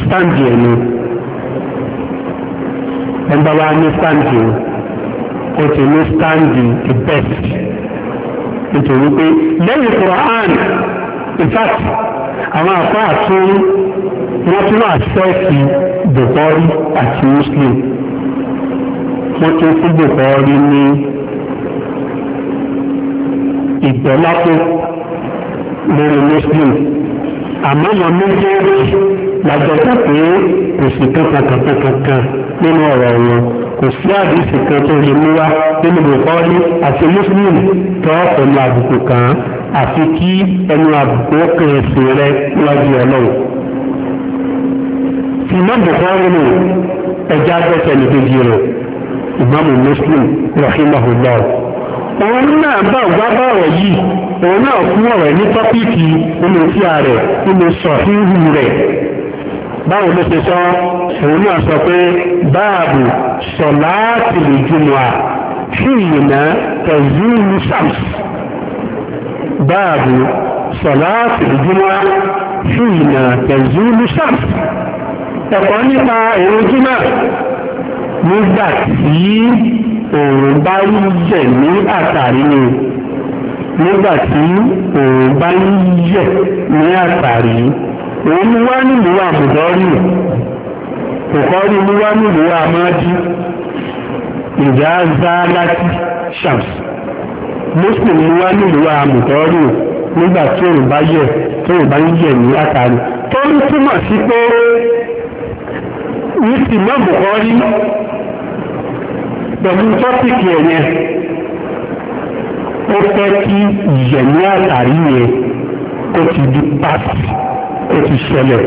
sáǹtì ẹ̀nu ẹnba wa ní sáǹdì o ti ní sáǹdì the best nítorí pé lẹ́yìn Quran in fact àwọn àpá àtún wọ́n tún àṣẹ́ẹ̀kì Bukhari àti Muslim wọ́n tún fún Bukhari ní ìgbọ́lápò lórí Muslim àmọ́ wọn méjèèjì lájọ kà pé kò sí kankan kankan kankan nínú ọ̀rọ̀ wọn kò sí àdìsí kan tó lè mú wá nínú bùkọ́lí àti muslim tó pẹ̀lú àbùkù kan àfi kí ẹnu àbùkù kan ẹ̀sìn rẹ lọ́jọ́ ọlọ́run. tí iná bùkọ́lí nù ẹja gbẹ́sẹ̀ nìkejì rẹ̀ ìmáàmù muslim rahimahullah òun náà bá wá bá yìí òun náà kú ọ̀rọ̀ ní tọ́pìkì nínú tí rẹ̀ nínú sọ̀híhù rẹ̀ báwo ló ṣe sọ òun náà sọ pé báàbù sọ̀láàtì lùjùmọ̀ à hìyìnà tẹ̀zúlù sàms báàbù sọ̀láàtì lùjùmọ̀ à hìyìnà tẹ̀zúlù sàms ẹ̀kọ́ nípa òun jùmọ̀ nígbà tí òun bá ń yẹ̀ ní àtàrí ni nígbà tí òun bá ń yẹ̀ ní àtàrí òun mú wá nílùú àbùkọ́rí bùkọ́rí mú wá nílùú àmọ́dí ìjà zá láti muslim mú wá nílùú àbùkọ́rí nígbà tí òun bá yẹ tí òun bá ń yẹ ní látàrí tó ń túmọ̀ sí pé ní mọ́ ó ti ṣẹlẹ̀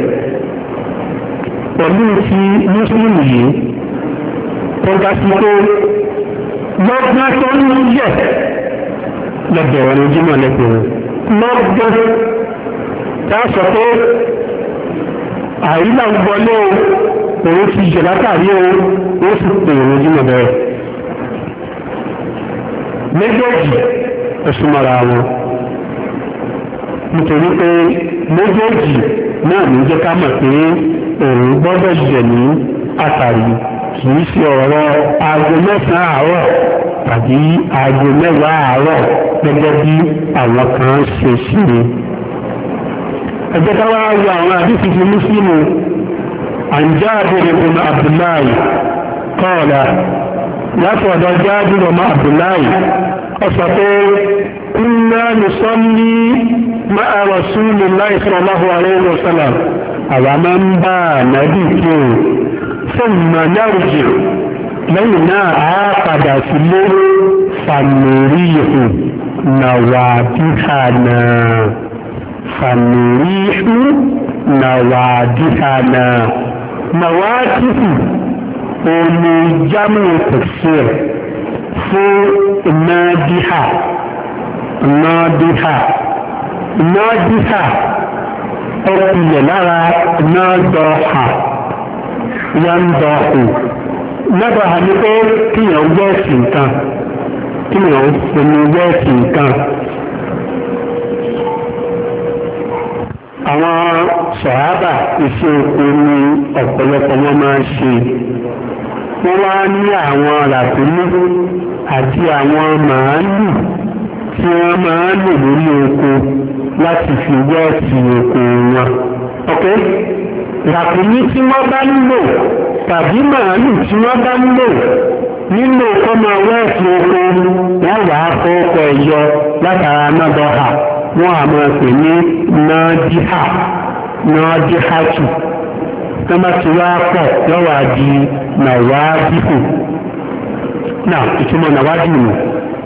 pẹ̀lú ti mùsùlùmí yìí tó ga sí pé lọ́gbọ́n tó ń yẹ̀ lọ́bẹ̀ wọn ní lọ́gbọ́n tá a sọ pé àìlà ń gbọ́lé o òun ti jẹ̀ látàrí o ó sì pè òun jímọ̀ bẹ́ẹ̀ méjèèjì ẹ̀sùn mọ́ra wọn nítorí pé méjèèjì náà ní jẹ́ ká mọ̀ pé òun gbọ́dọ̀ jẹ̀ ní àtàrí kì í ṣe ọ̀rọ̀ aago mẹ́sàn-án àárọ̀ tàbí aago mẹ́wàá àárọ̀ gẹ́gẹ́ bí àwọn kan ṣe ṣe. ẹ jẹ́ ká wá wo àwọn àdìsí ti mú sínú àǹjáàbò rẹ̀ bùnà kọ́ọ̀lá láti ọ̀dọ̀ jáde ọmọ abdullahi ọ̀sọ̀ pé kúnná nìsọ́lí máa rasulullahi sallallahu alaihi wasallam àwa máa ń bá nàbí kí o fún mọ̀nàrùjì lẹ́yìn náà a padà sí òní jámù tafsir fún nadiha nadiha nadiha ọ̀pìlẹ̀ lára nadọ́ha yandọ́hù nadọ́ha ní pé kíyàn wẹ́ẹ̀sì nǹkan kíyàn òní wẹ́ẹ̀sì nǹkan àwọn sọ̀hábà iṣẹ́ oko ni ọ̀pọ̀lọpọ̀ wọn máa ń ṣe wọ́n wá ní àwọn ràkúnmí àti àwọn màálù tí wọ́n máa ń lò lórí oko láti fi wọ́ọ̀tì oko wọn. ok ràkúnmí tí wọ́n bá ń lò tàbí màálù tí wọ́n bá ń lò nínú ọmọ wẹ́ẹ̀tì oko wọ́n wàá kó ọkọ̀ ẹ̀yọ látara náà bọ́ wọ́n á máa pè ní náàdíhà náàdíhàtù tó má ti wá pọ̀ lọ́wọ́ di nàwádìhù náà ìtumọ̀ nàwádìhù nù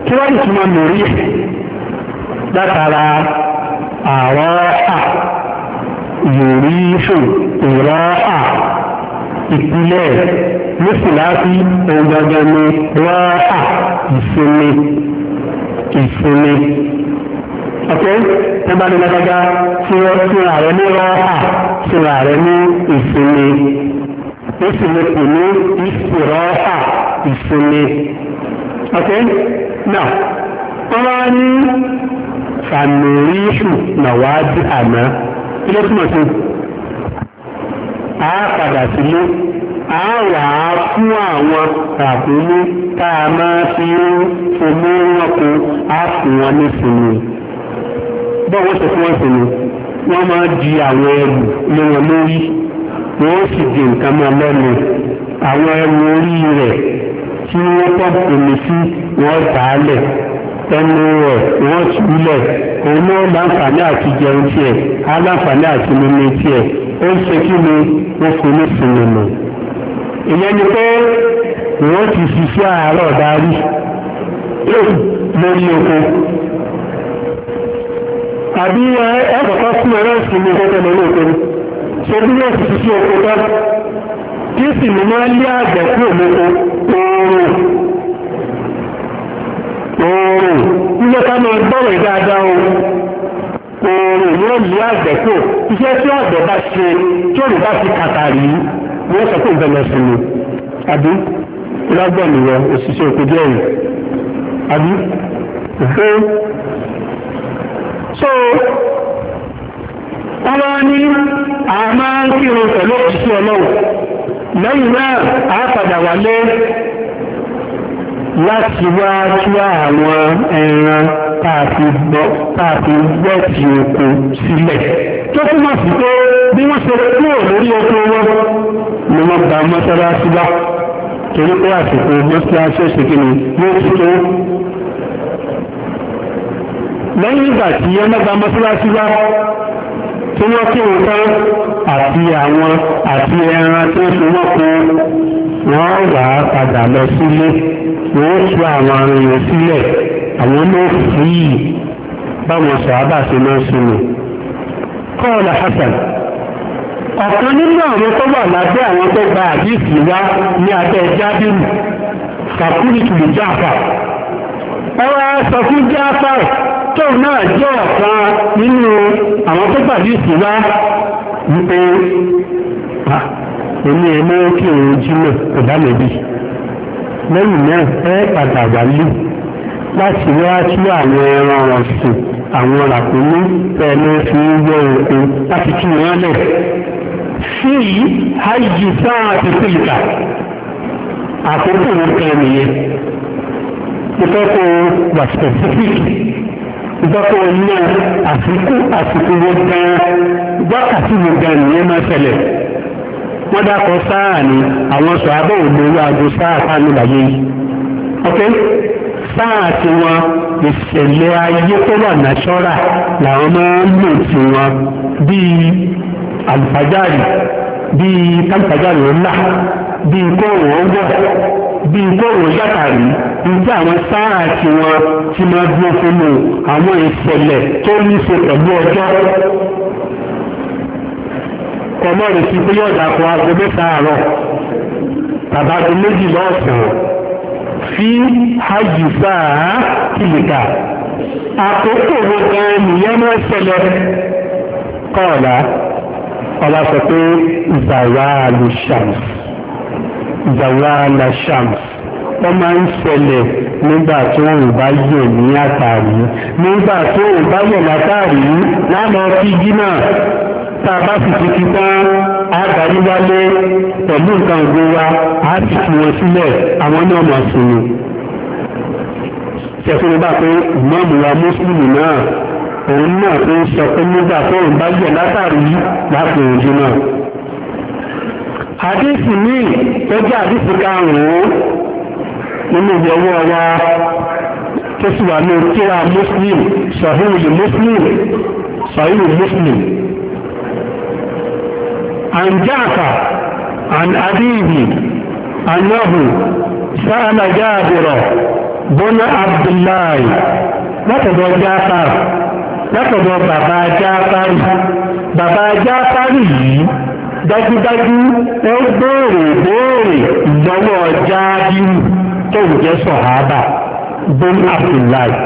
kí wọ́n lè túmọ̀ lórí ẹ̀ látara àrọ́hà yòríhù ìrọ́hà ìpìlẹ̀ mùsùlùmí ọ̀gbọ̀gbọ̀ rọ́hà ìsinmi ìsinmi ok tí wọ́n bá ní lágbájá tí wọ́n fúnra rẹ̀ ní rọ́ọ̀hà fúnra rẹ̀ ní ìsinmi ìsinmi kò ní ìsìrọ́ọ̀hà ìsinmi okay now wọ́n wá ní fàmìlíṣù nàwádìí àná kí ló túmọ̀ sí a sílé a wà á fún àwọn tá bọ́wọ́ ṣe fún ọ̀sẹ̀ ni wọ́n máa di àwọn ẹrù lé wọn lórí wọ́n sì di nǹkan mọ́ lẹ́nu àwọn ẹrù orí rẹ̀ tí wọ́n pọ́ǹpù omi sí wọ́n dàálẹ̀ ẹnu rẹ̀ wọ́n túlẹ̀ òun náà láǹfààní àti jẹun tiẹ̀ aláǹfààní àti mímu tiẹ̀ ó ń ṣe kí ni wọ́n fi ní sinmi mọ̀ ìyẹn ni pé wọ́n ti ṣiṣẹ́ àárọ̀ darí lórí oko àbí ẹ̀kọ̀kọ́ fún ẹ̀rọ ìsinmi ìfẹ́fẹ́ lọ lóòótọ́ ni ṣe bí yóò sì sí oko tán kí sì ní máa lé àgbẹ̀ kú òmoko oòrùn oòrùn nílé ká máa o oòrùn yóò lé àgbẹ̀ kú iṣẹ́ tí àgbẹ̀ bá ṣe tí òrùn bá fi kàtàrí wọ́n sọ pé ìbẹ̀lẹ̀ sí ni àbí so ọlọ́ ní a máa ń kírun pẹ̀lú òṣìṣẹ́ ọlọ́wọ̀ lẹ́yìn náà a padà wálé láti wá tú àwọn ẹran tààfi gbọ́ ti oko sílẹ̀ tó túmọ̀ sí pé bí wọ́n ṣe kúrò lórí oko wọn ni wọ́n gba mọ́sálásí bá torí pé àsìkò mọ́sálásí òṣèkìnnì yóò tó lẹ́yìn ìgbà tí ẹlẹ́gbà mọ́síláṣí wá tí wọ́n kí wọn tán àti àwọn àti ẹran tí ó fi wọ́n kú wọ́n wà á padà lọ sílé wọ́n tú àwọn arìnrìn sílẹ̀ àwọn náà fi yìí báwọn sọ̀hábà ṣe máa ń sinmi. kọ́ọ̀lù Hasan ọ̀kan nínú àwọn tó wà lábẹ́ àwọn tó gba àdìsí wá ní abẹ́ jábìrì kàkúrìkì jáfà ọ̀rọ̀ sọ fún jáfà tóun náà jẹ́ ọ̀kan nínú àwọn tó gbàdí ìsìnwá wípé èmi ẹ̀ mọ́ kí òun jímọ̀ kò dá lẹ́bi lẹ́yìn náà ẹ padà wálé láti wá tú àwọn ẹran ọ̀sìn àwọn ràkúnmí pẹ̀lú fi yọ òkú láti tú wọn lẹ̀ sí yìí àìjù sáà ti sílùkà àkókò wọn kẹ́ nìyẹn mo fẹ́ kó wà specific ìjọpọ̀ iná àsìkò àsìkò wo gan wákàtí wo gan nìyẹn máa ṣẹlẹ̀ wọ́n dákọ̀ sáà ni àwọn sọ abọ́ òdòwú aago sáà sáànù láyé yìí ok sáà tí wọn ìṣẹ̀lẹ̀ ayé tó wà nàṣọ́rà làwọn máa ń lò tí wọn bíi àlùfájárì bíi kálùfájárì ńlá bíi kóòrùn ọgbọ̀n bí gbòòrò yàtàrí ìdí àwọn sáà tí wọn ti máa dúró fún un àwọn ìṣẹ̀lẹ̀ tó ní ṣe pẹ̀lú ọjọ́ kọmọ́rin sí pé yọ̀dà kan aago mẹ́ta àárọ̀ tàbí aago méjìlá ọ̀sán fi hajj sáà kìlìkà àkókò wo gan nìyẹn máa ṣẹlẹ̀ kọ́ọ̀lá ọlá sọ pé ìbàrá ló ṣàmùsí zawal shams wọ́n máa ń ṣẹlẹ̀ nígbà tó òun bá yẹ̀ ní àtàrí nígbà tó òun bá yẹ̀ látàrí láàmú ọtí jìnnà tá a bá sì ti ti tán àgbáyé wálé pẹ̀lú nǹkan ògùn wa á sì fi wọn sílẹ̀ àwọn náà máa sinmi. ṣẹ̀fún bá pé ìmọ̀ọ́mù wa mùsùlùmí náà òun náà ń sọ pé nígbà tó òun bá yẹ̀ látàrí láàpọ̀ òjò náà àdéhùn míì tó jẹ́ àdéhùn karùn-ún nínú ìwé ọwọ́ tó sì wà ní òkèèrà muslim sahihul muslim sahihul muslim an Ja'far an abihi annahu sa'ala Jabir bọ́nà Abdullahi látọ̀dọ̀ Ja'far látọ̀dọ̀ bàbá Ja'far bàbá Ja'far yìí dájúdájú ó béèrè béèrè ìlọ́wọ́ jáàbíù tó ń jẹ́ sọ̀hábà bin abdullahi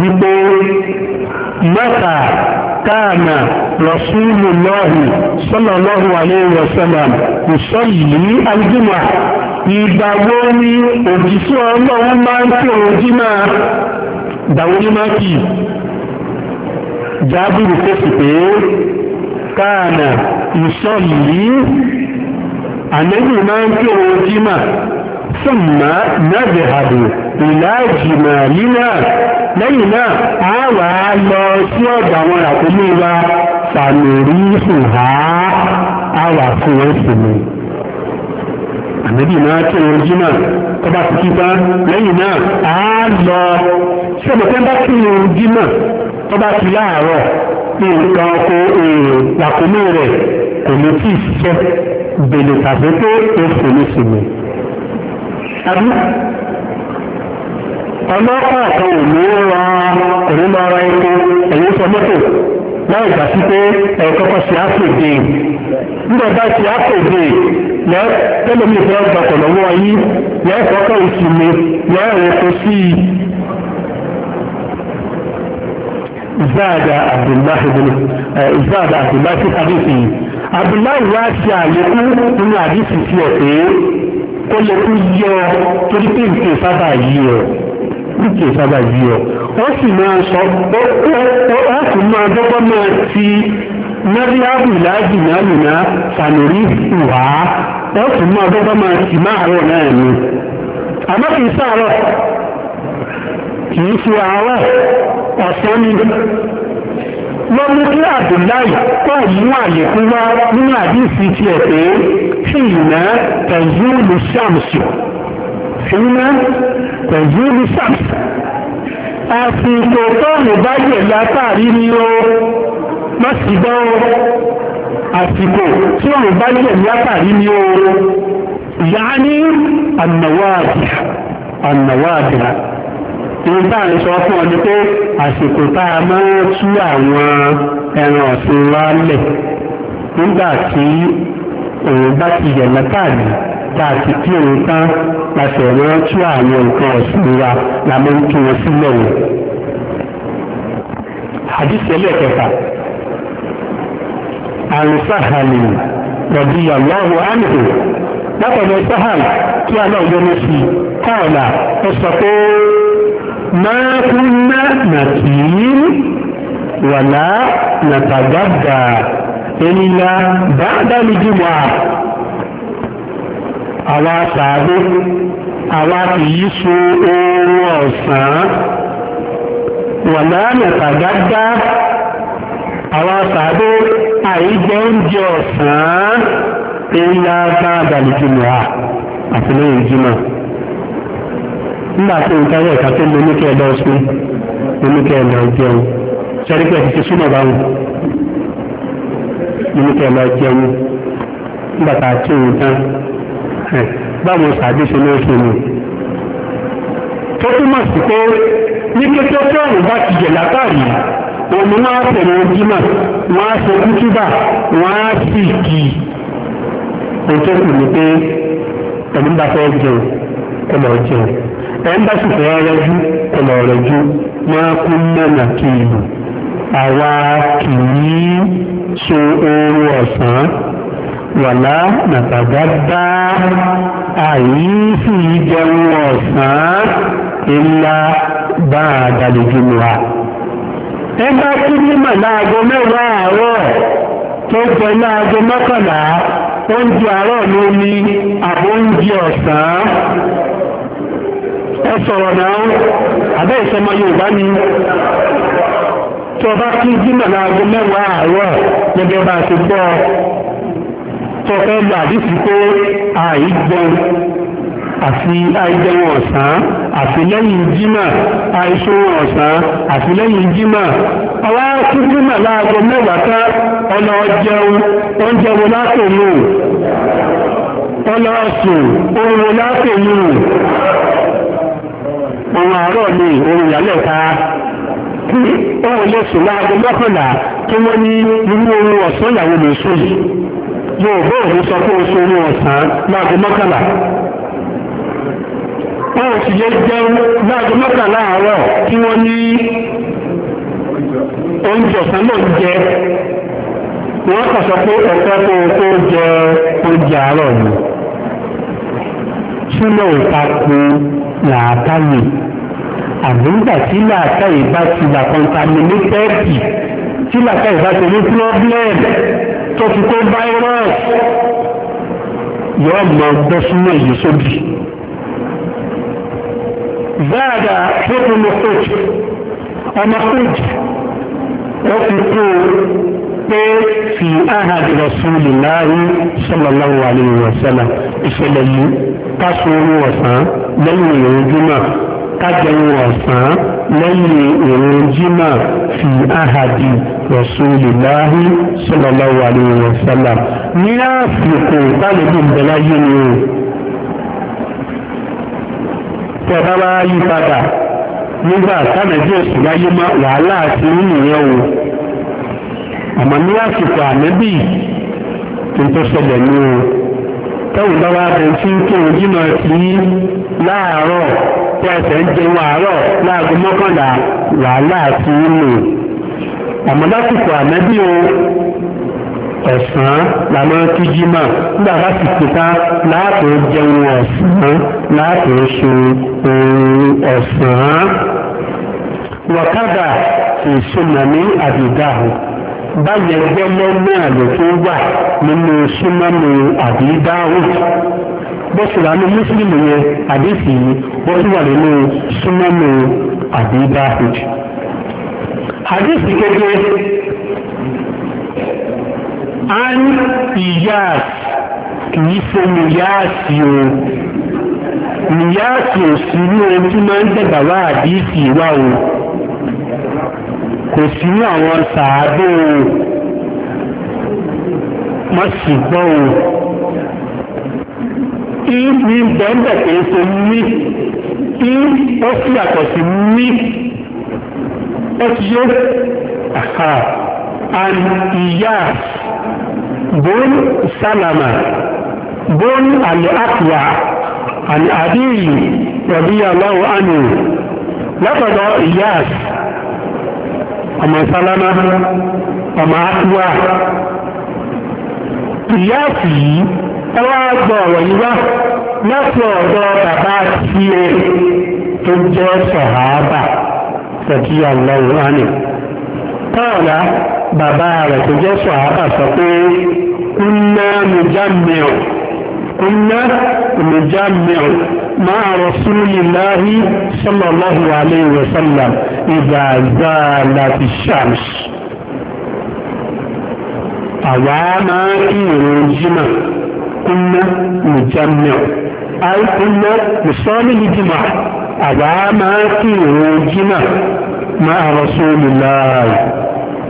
wípé mẹ́ta káàmà rasulullahi sallallahu alayhi wa sallam yusalli aljumah ìgbàgbó ní òjíṣẹ́ ọlọ́run máa ń tí òun jí máa dàwọn onímọ̀ kì í jábìrì fèsì pé káànà ìṣọ́lì ànẹ́bì máa ń kí òun jímà sọ́mà náàbẹ̀hàbù ìlàjìmà lílà lẹ́yìn náà a wà á lọ sí ọ̀dọ̀ àwọn ràkúnmí wa sàmìrí ìhà a wà fún wọn sí mi ànẹ́bì máa kí òun jímà tọba ti kípa lẹ́yìn náà a lọ sí ọmọ tẹ́ bá kí òun jímà tọba ti láàárọ̀ nǹkan ọkọ̀ èrò eh, làkúnmí rẹ̀ kò ní tí ìṣiṣẹ́ gbèlè tàbí pé o kò ní sinmi. ọmọ kọ̀ọ̀kan ò ní ra òní máa ra epo ẹ̀yìn sọ mọ́tò láì gbà sí pé ẹ̀kọ́kọ́ sí àpèdè nígbà bá ti àpèdè yẹ tẹ́lẹ̀mí ìfẹ́ ọgbà pọ̀ lọ́wọ́ yìí yẹ ẹ̀kọ́kọ́ ìsinmi yẹ ẹ̀rọ kò sí i. زاد عبد الله بن زاد عبد الله في حديثه عبد الله واسع يقول من حديث سيئه kó lè kú yí ọ torí pé nǹkan sábà yí ọ nǹkan sábà yí ọ ó sì máa sọ ó sì máa dọ́gbọ́ máa ti mẹ́ríàbù láàbì lánàá sànórí ìwà ó sì máa dọ́gbọ́ máa ti máàárọ̀ náà ni àmọ́ kì sàárọ̀ kì fi àárọ̀ ọ̀sán ni wọ́n mú kí àdúláì kọ́ mú àlékún wá nínú àdíìsí ti ẹ̀ pé fìyìnà tẹ̀yúlù sàmsù fìyìnà tẹ̀yúlù sàmsù àsìkò tọ́ọ̀nù bá yẹ̀ látàrí ni ó mọ́sígbọ́ àsìkò tí bá yẹ̀ látàrí ni ó yá ní ànàwádìí ní bá ń sọ fún ọdún pé àsìkò tá a máa ń tú àwọn ẹran ọ̀sìn wa lẹ̀ nígbà tí òun bá ti yẹ̀ mẹ́tàlì tá a ti kí òun tán láti ẹ̀rọ tú àwọn nǹkan ọ̀sìn wa la máa ń kí wọn sílẹ̀ wọn. àdìsí ẹlẹ́ẹ̀kẹfà àrùn rọ̀bì yàlọ́hù ánìkò látọ̀dọ̀ sáhàlì kí aláwọ̀ yẹnu sí i káàlà ó sọ pé ما كنا نكين ولا نتغدى إلا بعد الجمعة àwa sàádé àwa kìí so oorun ọ̀sán wala natagadda àwa sàádé àìjẹ oúnjẹ ọ̀sán illa ba'da al-jumu'ah àti lẹ́yìn Jímọ̀ nígbà tí o tẹ́wọ́ ìka tó lé lókè ẹ̀dọ́ sí lókè ẹ̀dọ́ jẹun sẹ́rí pé ti ti súnmọ̀ báwọn lókè ẹ̀dọ́ jẹun nígbà tá a tí o tán báwọn sàbí ṣe ló ṣe nù. tó túmọ̀ sí pé ní kékeré tí ọ̀rùn bá ti jẹ̀ látàrí òun máa tẹ̀lé ojúmọ̀ wọ́n á ṣe kútúbà wọ́n á sì kì í. òun tó kù ní pé ẹ̀mí bá fẹ́ jẹun ẹ̀mọ̀ jẹun ẹ̀ńbàṣì fẹ́ rẹ́jú ọ̀nà rẹ́jú máa kú mẹ́nà kí ìlú àwa kì so oorun ọ̀sán wàlá nàtàgbà bá àyíṣì jẹun ọ̀sán ńlá bá àdàlejò wa. ẹ bá kú ní màláàgọ mẹ́wàá àárọ̀ tó jẹ láago mọ́kànlá oúnjẹ àárọ̀ ló ní àbóúnjẹ ọ̀sán ẹ sọ̀rọ̀ náà abẹ́ ìsọmọ Yorùbá ni tó bá kí jímọ̀ láago mẹ́wàá àárọ̀ gẹ́gẹ́ bá a ti gbọ́ tó fẹ́ lọ àdìsí pé àìgbọ́n àti àìjẹun ọ̀sán àti lẹ́yìn jímọ̀ àìsùn ọ̀sán àti lẹ́yìn jímọ̀ ọwá tún jímọ̀ láago mẹ́wàá ká ọlọ jẹun oúnjẹ wo látòmù ọlọ sùn oorun látòmù oorun àárọ̀ ni oorun ìyálẹ̀ta kí òun lè sùn láago mọ́kànlá kí wọ́n ní irú oorun ọ̀sán ìyàwó lè sùn yìí yóò bó òun sọ pé oṣù oorun ọ̀sán láago mọ́kànlá òun sì yẹ jẹun láago mọ́kànlá àárọ̀ kí wọ́n ní oúnjẹ ọ̀sán náà jẹ wọ́n kàn pé ọ̀pẹ́ kó tó jẹ oúnjẹ àárọ̀ ni súnmọ́ ìtakùn làákàyè àgbéǹgbà tí làákà ìbá ti là kọ́ńtàmínétẹ́ẹ̀dì tí làákà ìbá ti ní pírọ́blẹ́ẹ̀m tó fi kó fáírọ́ọ̀sì yóò mọ ọgbẹ́ súnmọ́ èyí sóbì. Záàdà tó kún ní kóòtù, ọmọ kóòtù, ó fi kú pé fi áhàdì Rasulullahi sallallahu alaihi wa sallam ìṣẹ̀lẹ̀ yìí ká sun orí ọ̀sán lẹ́yìn ìrìn jùmọ̀ kájẹun ọ̀sán lẹ́yìn ìrun jímà fi ahadi rasulillahi sallallahu alaihi wasallam ní àsìkò ìbálòpọ̀ ìbẹ̀láyé ni o tẹ̀bá wá yí padà nígbà sánàjí èsì láyé má wàhálà àti nìyẹn o àmọ́ ní àsìkò ànábì tó ń ní o tẹ́wù bá wá bẹ̀ tí sí láàárọ̀ tí ẹsẹ̀ ń jẹun àárọ̀ láago mọ́kànlá wàhálà àti ìlú àmọ́ lásìkò o ọ̀sán la kí jímọ̀ nígbà bá sì pípa láàpò jẹun ọ̀sán láàpò ṣe ọ̀sán wọ̀kadà ìṣúná ní àbídáhùn báyẹn gbẹ́lẹ́ náà ló tó wà nínú súnmọ́nù àbí dáhùn bó ṣe wà ní mùsùlùmí yẹn àdéhùn yìí bó ṣe wà nínú súnmọ́nù àbí dáhùn. àdéhùn kékeré á ń ìyá kìí ṣe nìyáàsì o nìyáàsì ò sí ní ohun tí máa ń dẹ̀gbà wá àdéhùn wa o kò sí ní àwọn sàádé o wọ́n sì gbọ́ o ìní bẹ́ẹ̀ kò ṣe ní í ó sì yàtọ̀ sí ní ó ti yé àhà an ìyá bọ́n sálàmà bọ́n àlẹ́ àkùwà àdéhìí rọ̀bíyà lọ́wọ́ àná lọ́kọ̀ọ́ ìyá àti ọmọ sálámà ọmọ àtúwà ìyáàfì yìí ẹwà gbọ́ ọ̀rọ̀ yìí wá láti ọ̀dọ̀ bàbá tí ẹ tó jẹ́ sọ̀háábà tẹ̀kí àlọ́run ánì tọ́ọ̀lá bàbá rẹ̀ tó jẹ́ sọ̀háábà sọ pé kúnná mùjámẹ́ọ̀ kúnná mùjámẹ́ọ̀ مع رسول الله صلى الله عليه وسلم إذا زالت الشمس أواما يرجم كنا نجمع أي كنا نصلي الجمع أواما يرجم مع رسول الله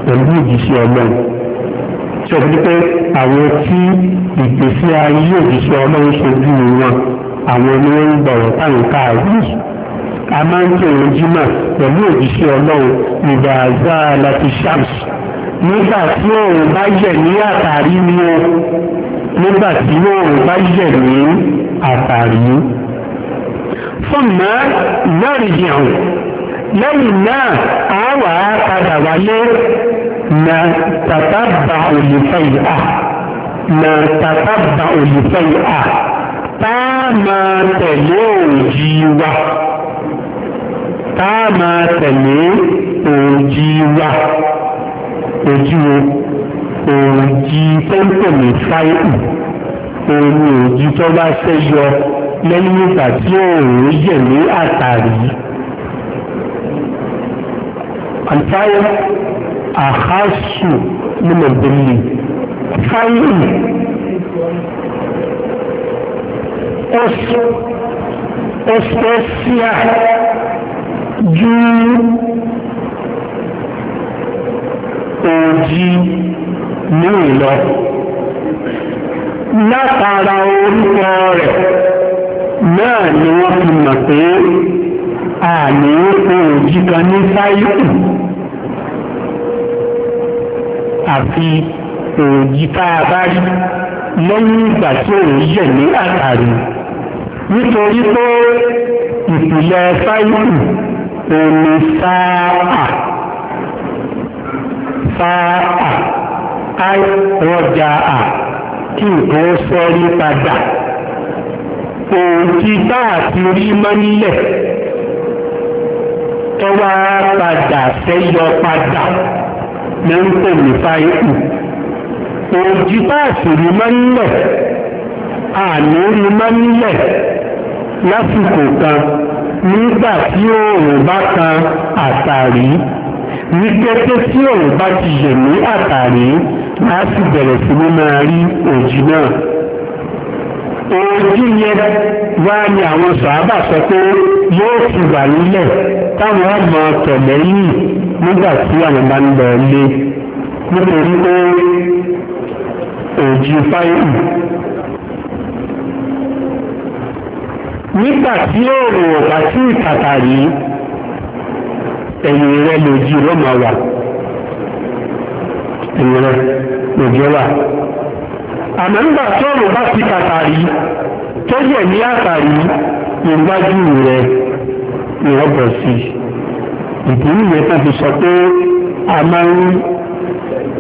ونبي الله sọ fún mi pé àwọn tí ìgbésí ayé òjijì ọlọ́run ṣojú wọn àwọn ni wọ́n ń gbọ̀rọ̀ táwọn káàrí a máa ń kírun jímọ̀ pẹ̀lú òjíṣẹ́ ọlọ́run ìgbà àzá láti shams nígbà tí òòrùn bá yẹ̀ ní àtàrí ni o nígbà tí òòrùn bá yẹ̀ ní àtàrí fọ́nmọ́ ìyárìjì àwọn lẹ́yìn náà a wà á padà wáyé na tàtàbà òlùfẹ́ ìhà na tàtàbà òlùfẹ́ ìhà máa tẹ̀lé òjì wa táà máa tẹ̀lé òjì wa òjì wo òjì tó ń pè ní fáìlì òun òjì tó bá ṣe yọ lẹ́yìn ìgbà tí òòrùn yẹ̀ ní àtàrí àtàyẹ àhásù nínú ìdílé fáìlì ó spẹ́síà ju òjì míì lọ látara orúkọ rẹ̀ náà ni wọ́n fi mọ̀ pé àmì òjì kan ní sáyẹ́kù àfi òjì tá a bá rí lẹ́yìn ìgbà tí òun yẹ̀ ní àtàrí nítorí pé ìpìlẹ̀ sáìkù òní sáà sáà áì rọjà à kí nǹkan ó sẹ́rí padà òòtí táà ti rí mọ́nílẹ̀ ẹ wá padà sẹ́yọ padà ló ń pè ní sáìkù òòtí táà sì rí mọ́nílẹ̀ àní rí mọ́nílẹ̀ lásìkò kan nígbà tí òòrùn bá kan àtàrí ní kété tí òòrùn bá ti yẹ̀ ní àtàrí a sì bẹ̀rẹ̀ sí ní máa rí òjì náà ojú yẹn wá ní àwọn sàábà sọ pé yóò ti wà nílẹ̀ táwọn ọmọ tẹ̀lé yìí nígbà tí àwọn bá ń lọ lé nítorí pé òjì fáyọ̀ nígbà tí òòrùn ọ̀pá sí ìtàtà yìí ẹ̀yìn rẹ lòdì ló máa wà ẹ̀yìn rẹ lòdì wà àmọ́ nígbà tí òòrùn bá sí tàtà yìí tó yẹ̀ ní àtà yìí níwájú rẹ ni wọ́n bọ̀ sí ìdí nìyẹn tó fi sọ pé a máa ń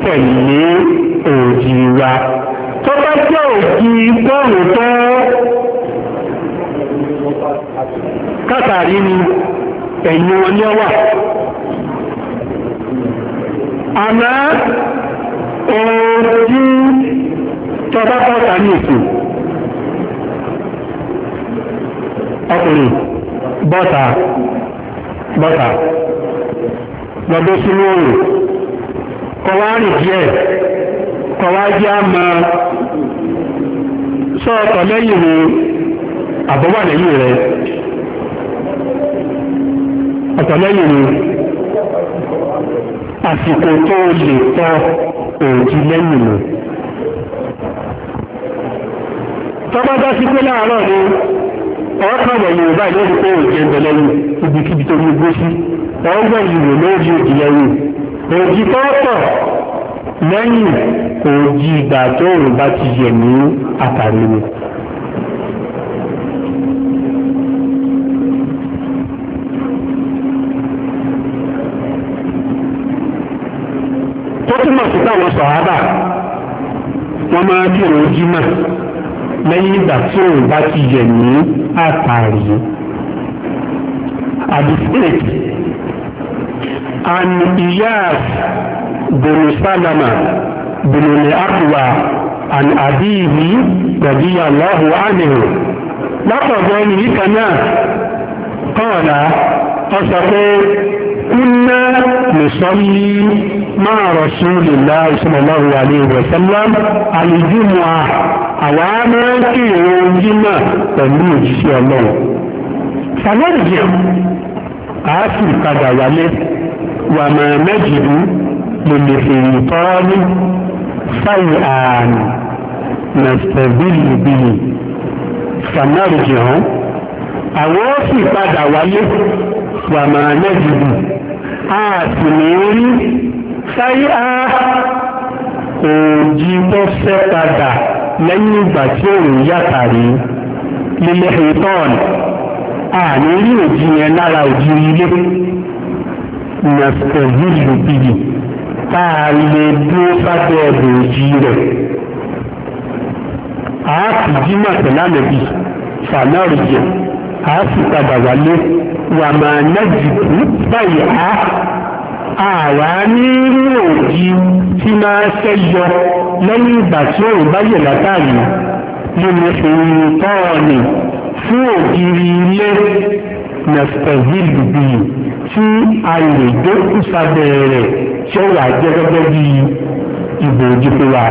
tẹ̀lé òòjì wa tó bá jẹ́ òòjì bọ́ọ̀lù tó kátàrí ni ẹ̀yìn wọn ní ọwà àmọ́ ohun tí tọba bọ́ta ní ètò ọkùnrin bọ́ta bọ́ta lọ́dọ́ sínú òòrùn kọwa rìn díẹ̀ kọwa jẹ́ àmọ́ sọ́ọ̀tọ̀ lẹ́yìn rẹ̀ àbọ̀wà lẹ́yìn rẹ̀ ọ̀tọ̀lẹ́yìn ni àsìkò tó lè tọ́ òjì lẹ́yìn nù tọ́gbọ́dá sí pé láàárọ̀ ni ọ̀ọ́kàn wọ̀nyí ìbá ìlú pé òjì ẹ̀bẹ̀ lẹ́yìn ibikíbi tó ní gbósí ọ̀ọ́gbọ̀n ìwò lórí òjì lẹ́yìn òjì tọ́ọ̀tọ̀ lẹ́yìn òjì ìgbà tó òrùn bá ti yẹ̀ ní àtàrí ni láwọn sọ̀hábà wọ́n máa kírun jímọ̀ lẹ́yìn ìgbà tí òun bá ti yẹ̀ ní àtàrí àbísílẹ̀ an iyas bin salama bin al-aqwa an abihi radiyallahu anhu látọ̀dọ̀ ẹni níkan náà kọ́ọ̀lá ọ̀sọ̀ kúnná lè sọ مع رسول الله صلى الله عليه وسلم الجمعة عواما كي يومجمع تنوج شاء الله فنرجع آسف قد ولد وما نجد للفيطان شيئا نستذل به فنرجع àwọ́sì padà wáyé wàmàánẹ́jìdì ààtì ní orí ṣáyá kò jí bọ́ fẹ́ padà lẹ́yìn ìgbà tí òun yàtàrí lílẹ̀ ìtọ́ọ̀nù àní rí òjì yẹn lára òjì ilé nàfẹ̀yìn lòbìyì tá a lè dúró sábẹ́ ọ̀dọ̀ òjì rẹ̀ àáfi jímọ̀ pẹ̀lánàbì a àáfi padà wálé wà máa nájì báyìí á àwà ní rí òjì tí máa ṣẹ́yọ lẹ́yìn ìgbà tí ó báyẹ̀ látàrí nínú ìrìntọ́ọ̀nì fún ògiri ilé nẹ̀fẹ̀hìlùbì tí a lè dé kùsàbẹ̀ rẹ̀ tí ó wà jẹ́ gẹ́gẹ́ bí ìbò òjìpé wa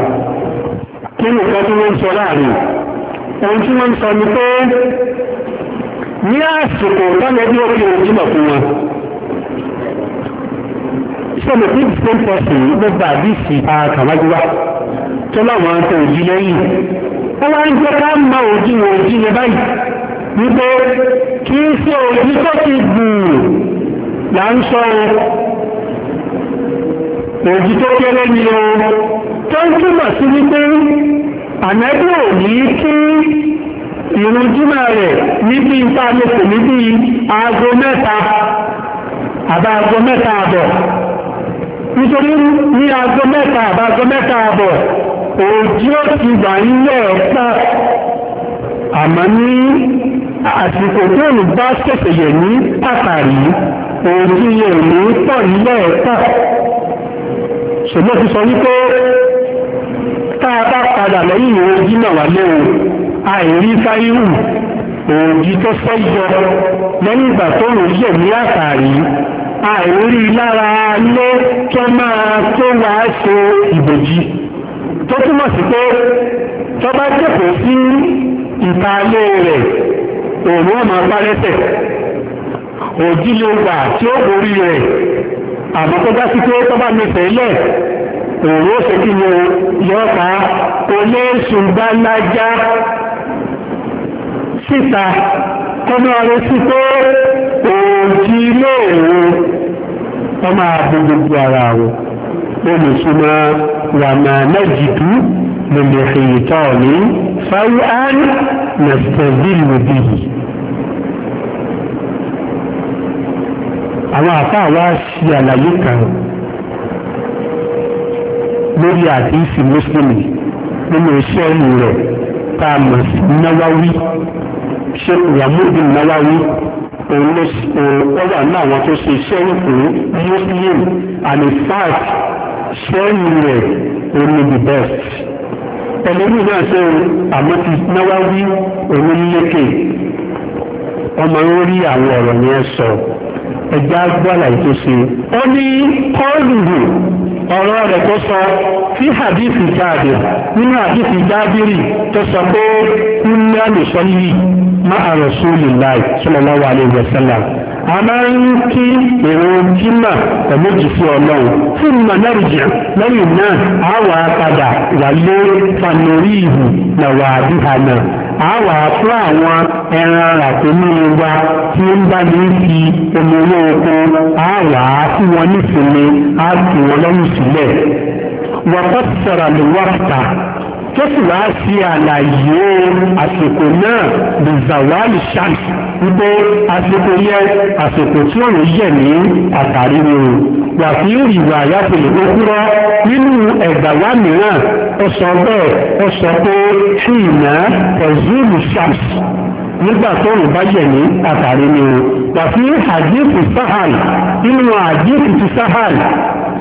kí ni nǹkan tí wọ́n ń sọ láàrin ohun tí wọ́n ń sọ ni pé ní àsìkò tọ́lẹ́bí ó fi òjìmọ̀ fún wọn sọlọ tí the same person ló gba àdìsí pa kàwájú wa tó láwọn tó òjì lẹ́yìn wọ́n wá ń jẹ́ ká ma òjì wọ òjì yẹn báyìí wípé kì í ṣe òjì tó ti gbùn là ń sọ o òjì tó kéré ni o tó ń túmọ̀ sí wípé ànábì ò ní kí ìrun jímọ̀ rẹ̀ níbi ìta lóko níbi aago mẹ́ta àbá mẹ́ta àbọ̀ nítorí ní aago mẹ́ta àbáago mẹ́ta àbọ̀ òjì ó ti wà nílẹ̀ pọ̀ àmọ́ ní àsìkò tó ń bá ṣẹ̀ṣẹ̀ yẹ̀ ní pàtàkì òjì yẹ̀ ní pọ̀ nílẹ̀ pọ̀ ṣùgbọ́n ti sọ wípé tá a bá padà lẹ́yìn òjì náà wà léwu àìrí fáírù òjì tó fẹ́ yọ lẹ́yìn ìgbà tó ń yẹ̀ ní àtàrí àìrí lára lé tó máa tó wá ṣe ìbòjì tó túmọ̀ sí pé tó bá jókòó sí ìtàlé rẹ̀ òun ọmọ apárẹ́tẹ̀ òjìlẹ̀ wà tí ó borí rẹ̀ àmọ́ tó dá sí pé tó bá mẹsẹ̀ lẹ̀ òun ó ṣe kí ni yọ́ta olóṣùgbàlájá síta kọ́mọ́ rẹ̀ sí pé òjì ilé ìwò wọ́n máa bó gbogbo ara wọn lónìí súnmọ́ wà máa mẹ́jìdú lónìí ìyìtọ́ ní fáwọn án nàìjíríà òbí yìí àwọn àfáà wá ṣe àlàyé kan lórí àdìsí mùsùlùmí nínú iṣẹ́ ìlú rẹ̀ tá a mọ̀ sí náwáwí ṣe ìyàmúdùn náwáwí òun ló wà ní àwọn tó ṣe sẹ́yìn fún muslim and in fact sẹ́yìn rẹ̀ òun ni the best ẹlẹ́yìn náà ṣe àmọ́ ti náwáwí òun lékè ọmọ orí àwọn ọ̀rọ̀ yẹn sọ ẹgbẹ́ agbára ètò ṣe ó ní kọ́ọ̀lù ọ̀rọ̀ rẹ̀ tó sọ tí hadithi jáde nínú hadithi jábírì tó sọ pé kúnlẹ̀ lùsọ́lì má a Rasulullahi sallallahu alaihi wasallam a máa ń kí èrò jimá pẹ̀lú jìfì ọlọ́run fún ìmọ̀ lẹ́rìjì lẹ́yìn náà a wà padà wà lé fanori ìhù nà wà bí hànà a wà fún àwọn ẹran ràkúnmí wa tí ń bá ní fi omi olóòkun a wà fún wọn nísìnyí a fi wọn lọ́rùn sílẹ̀ wọ́n fẹ́ sọ̀rọ̀ lè wọ́pàá tó sì wá sí àlàyé àsìkò náà lè zawali shams wípé àsìkò yẹ àsìkò tí òun yẹ ní àtàrí ni o wà fi ń rìwà àyàfẹ̀lẹ̀ òkúrọ̀ nínú ẹ̀gbà wá mìíràn ó sọ bẹ́ẹ̀ ó sọ pé ṣì iná pẹ̀zúùlù shams nígbà tó ń bá yẹ̀ ní àtàrí ni o wà fi ń hadith sahal nínú hadith ti sahal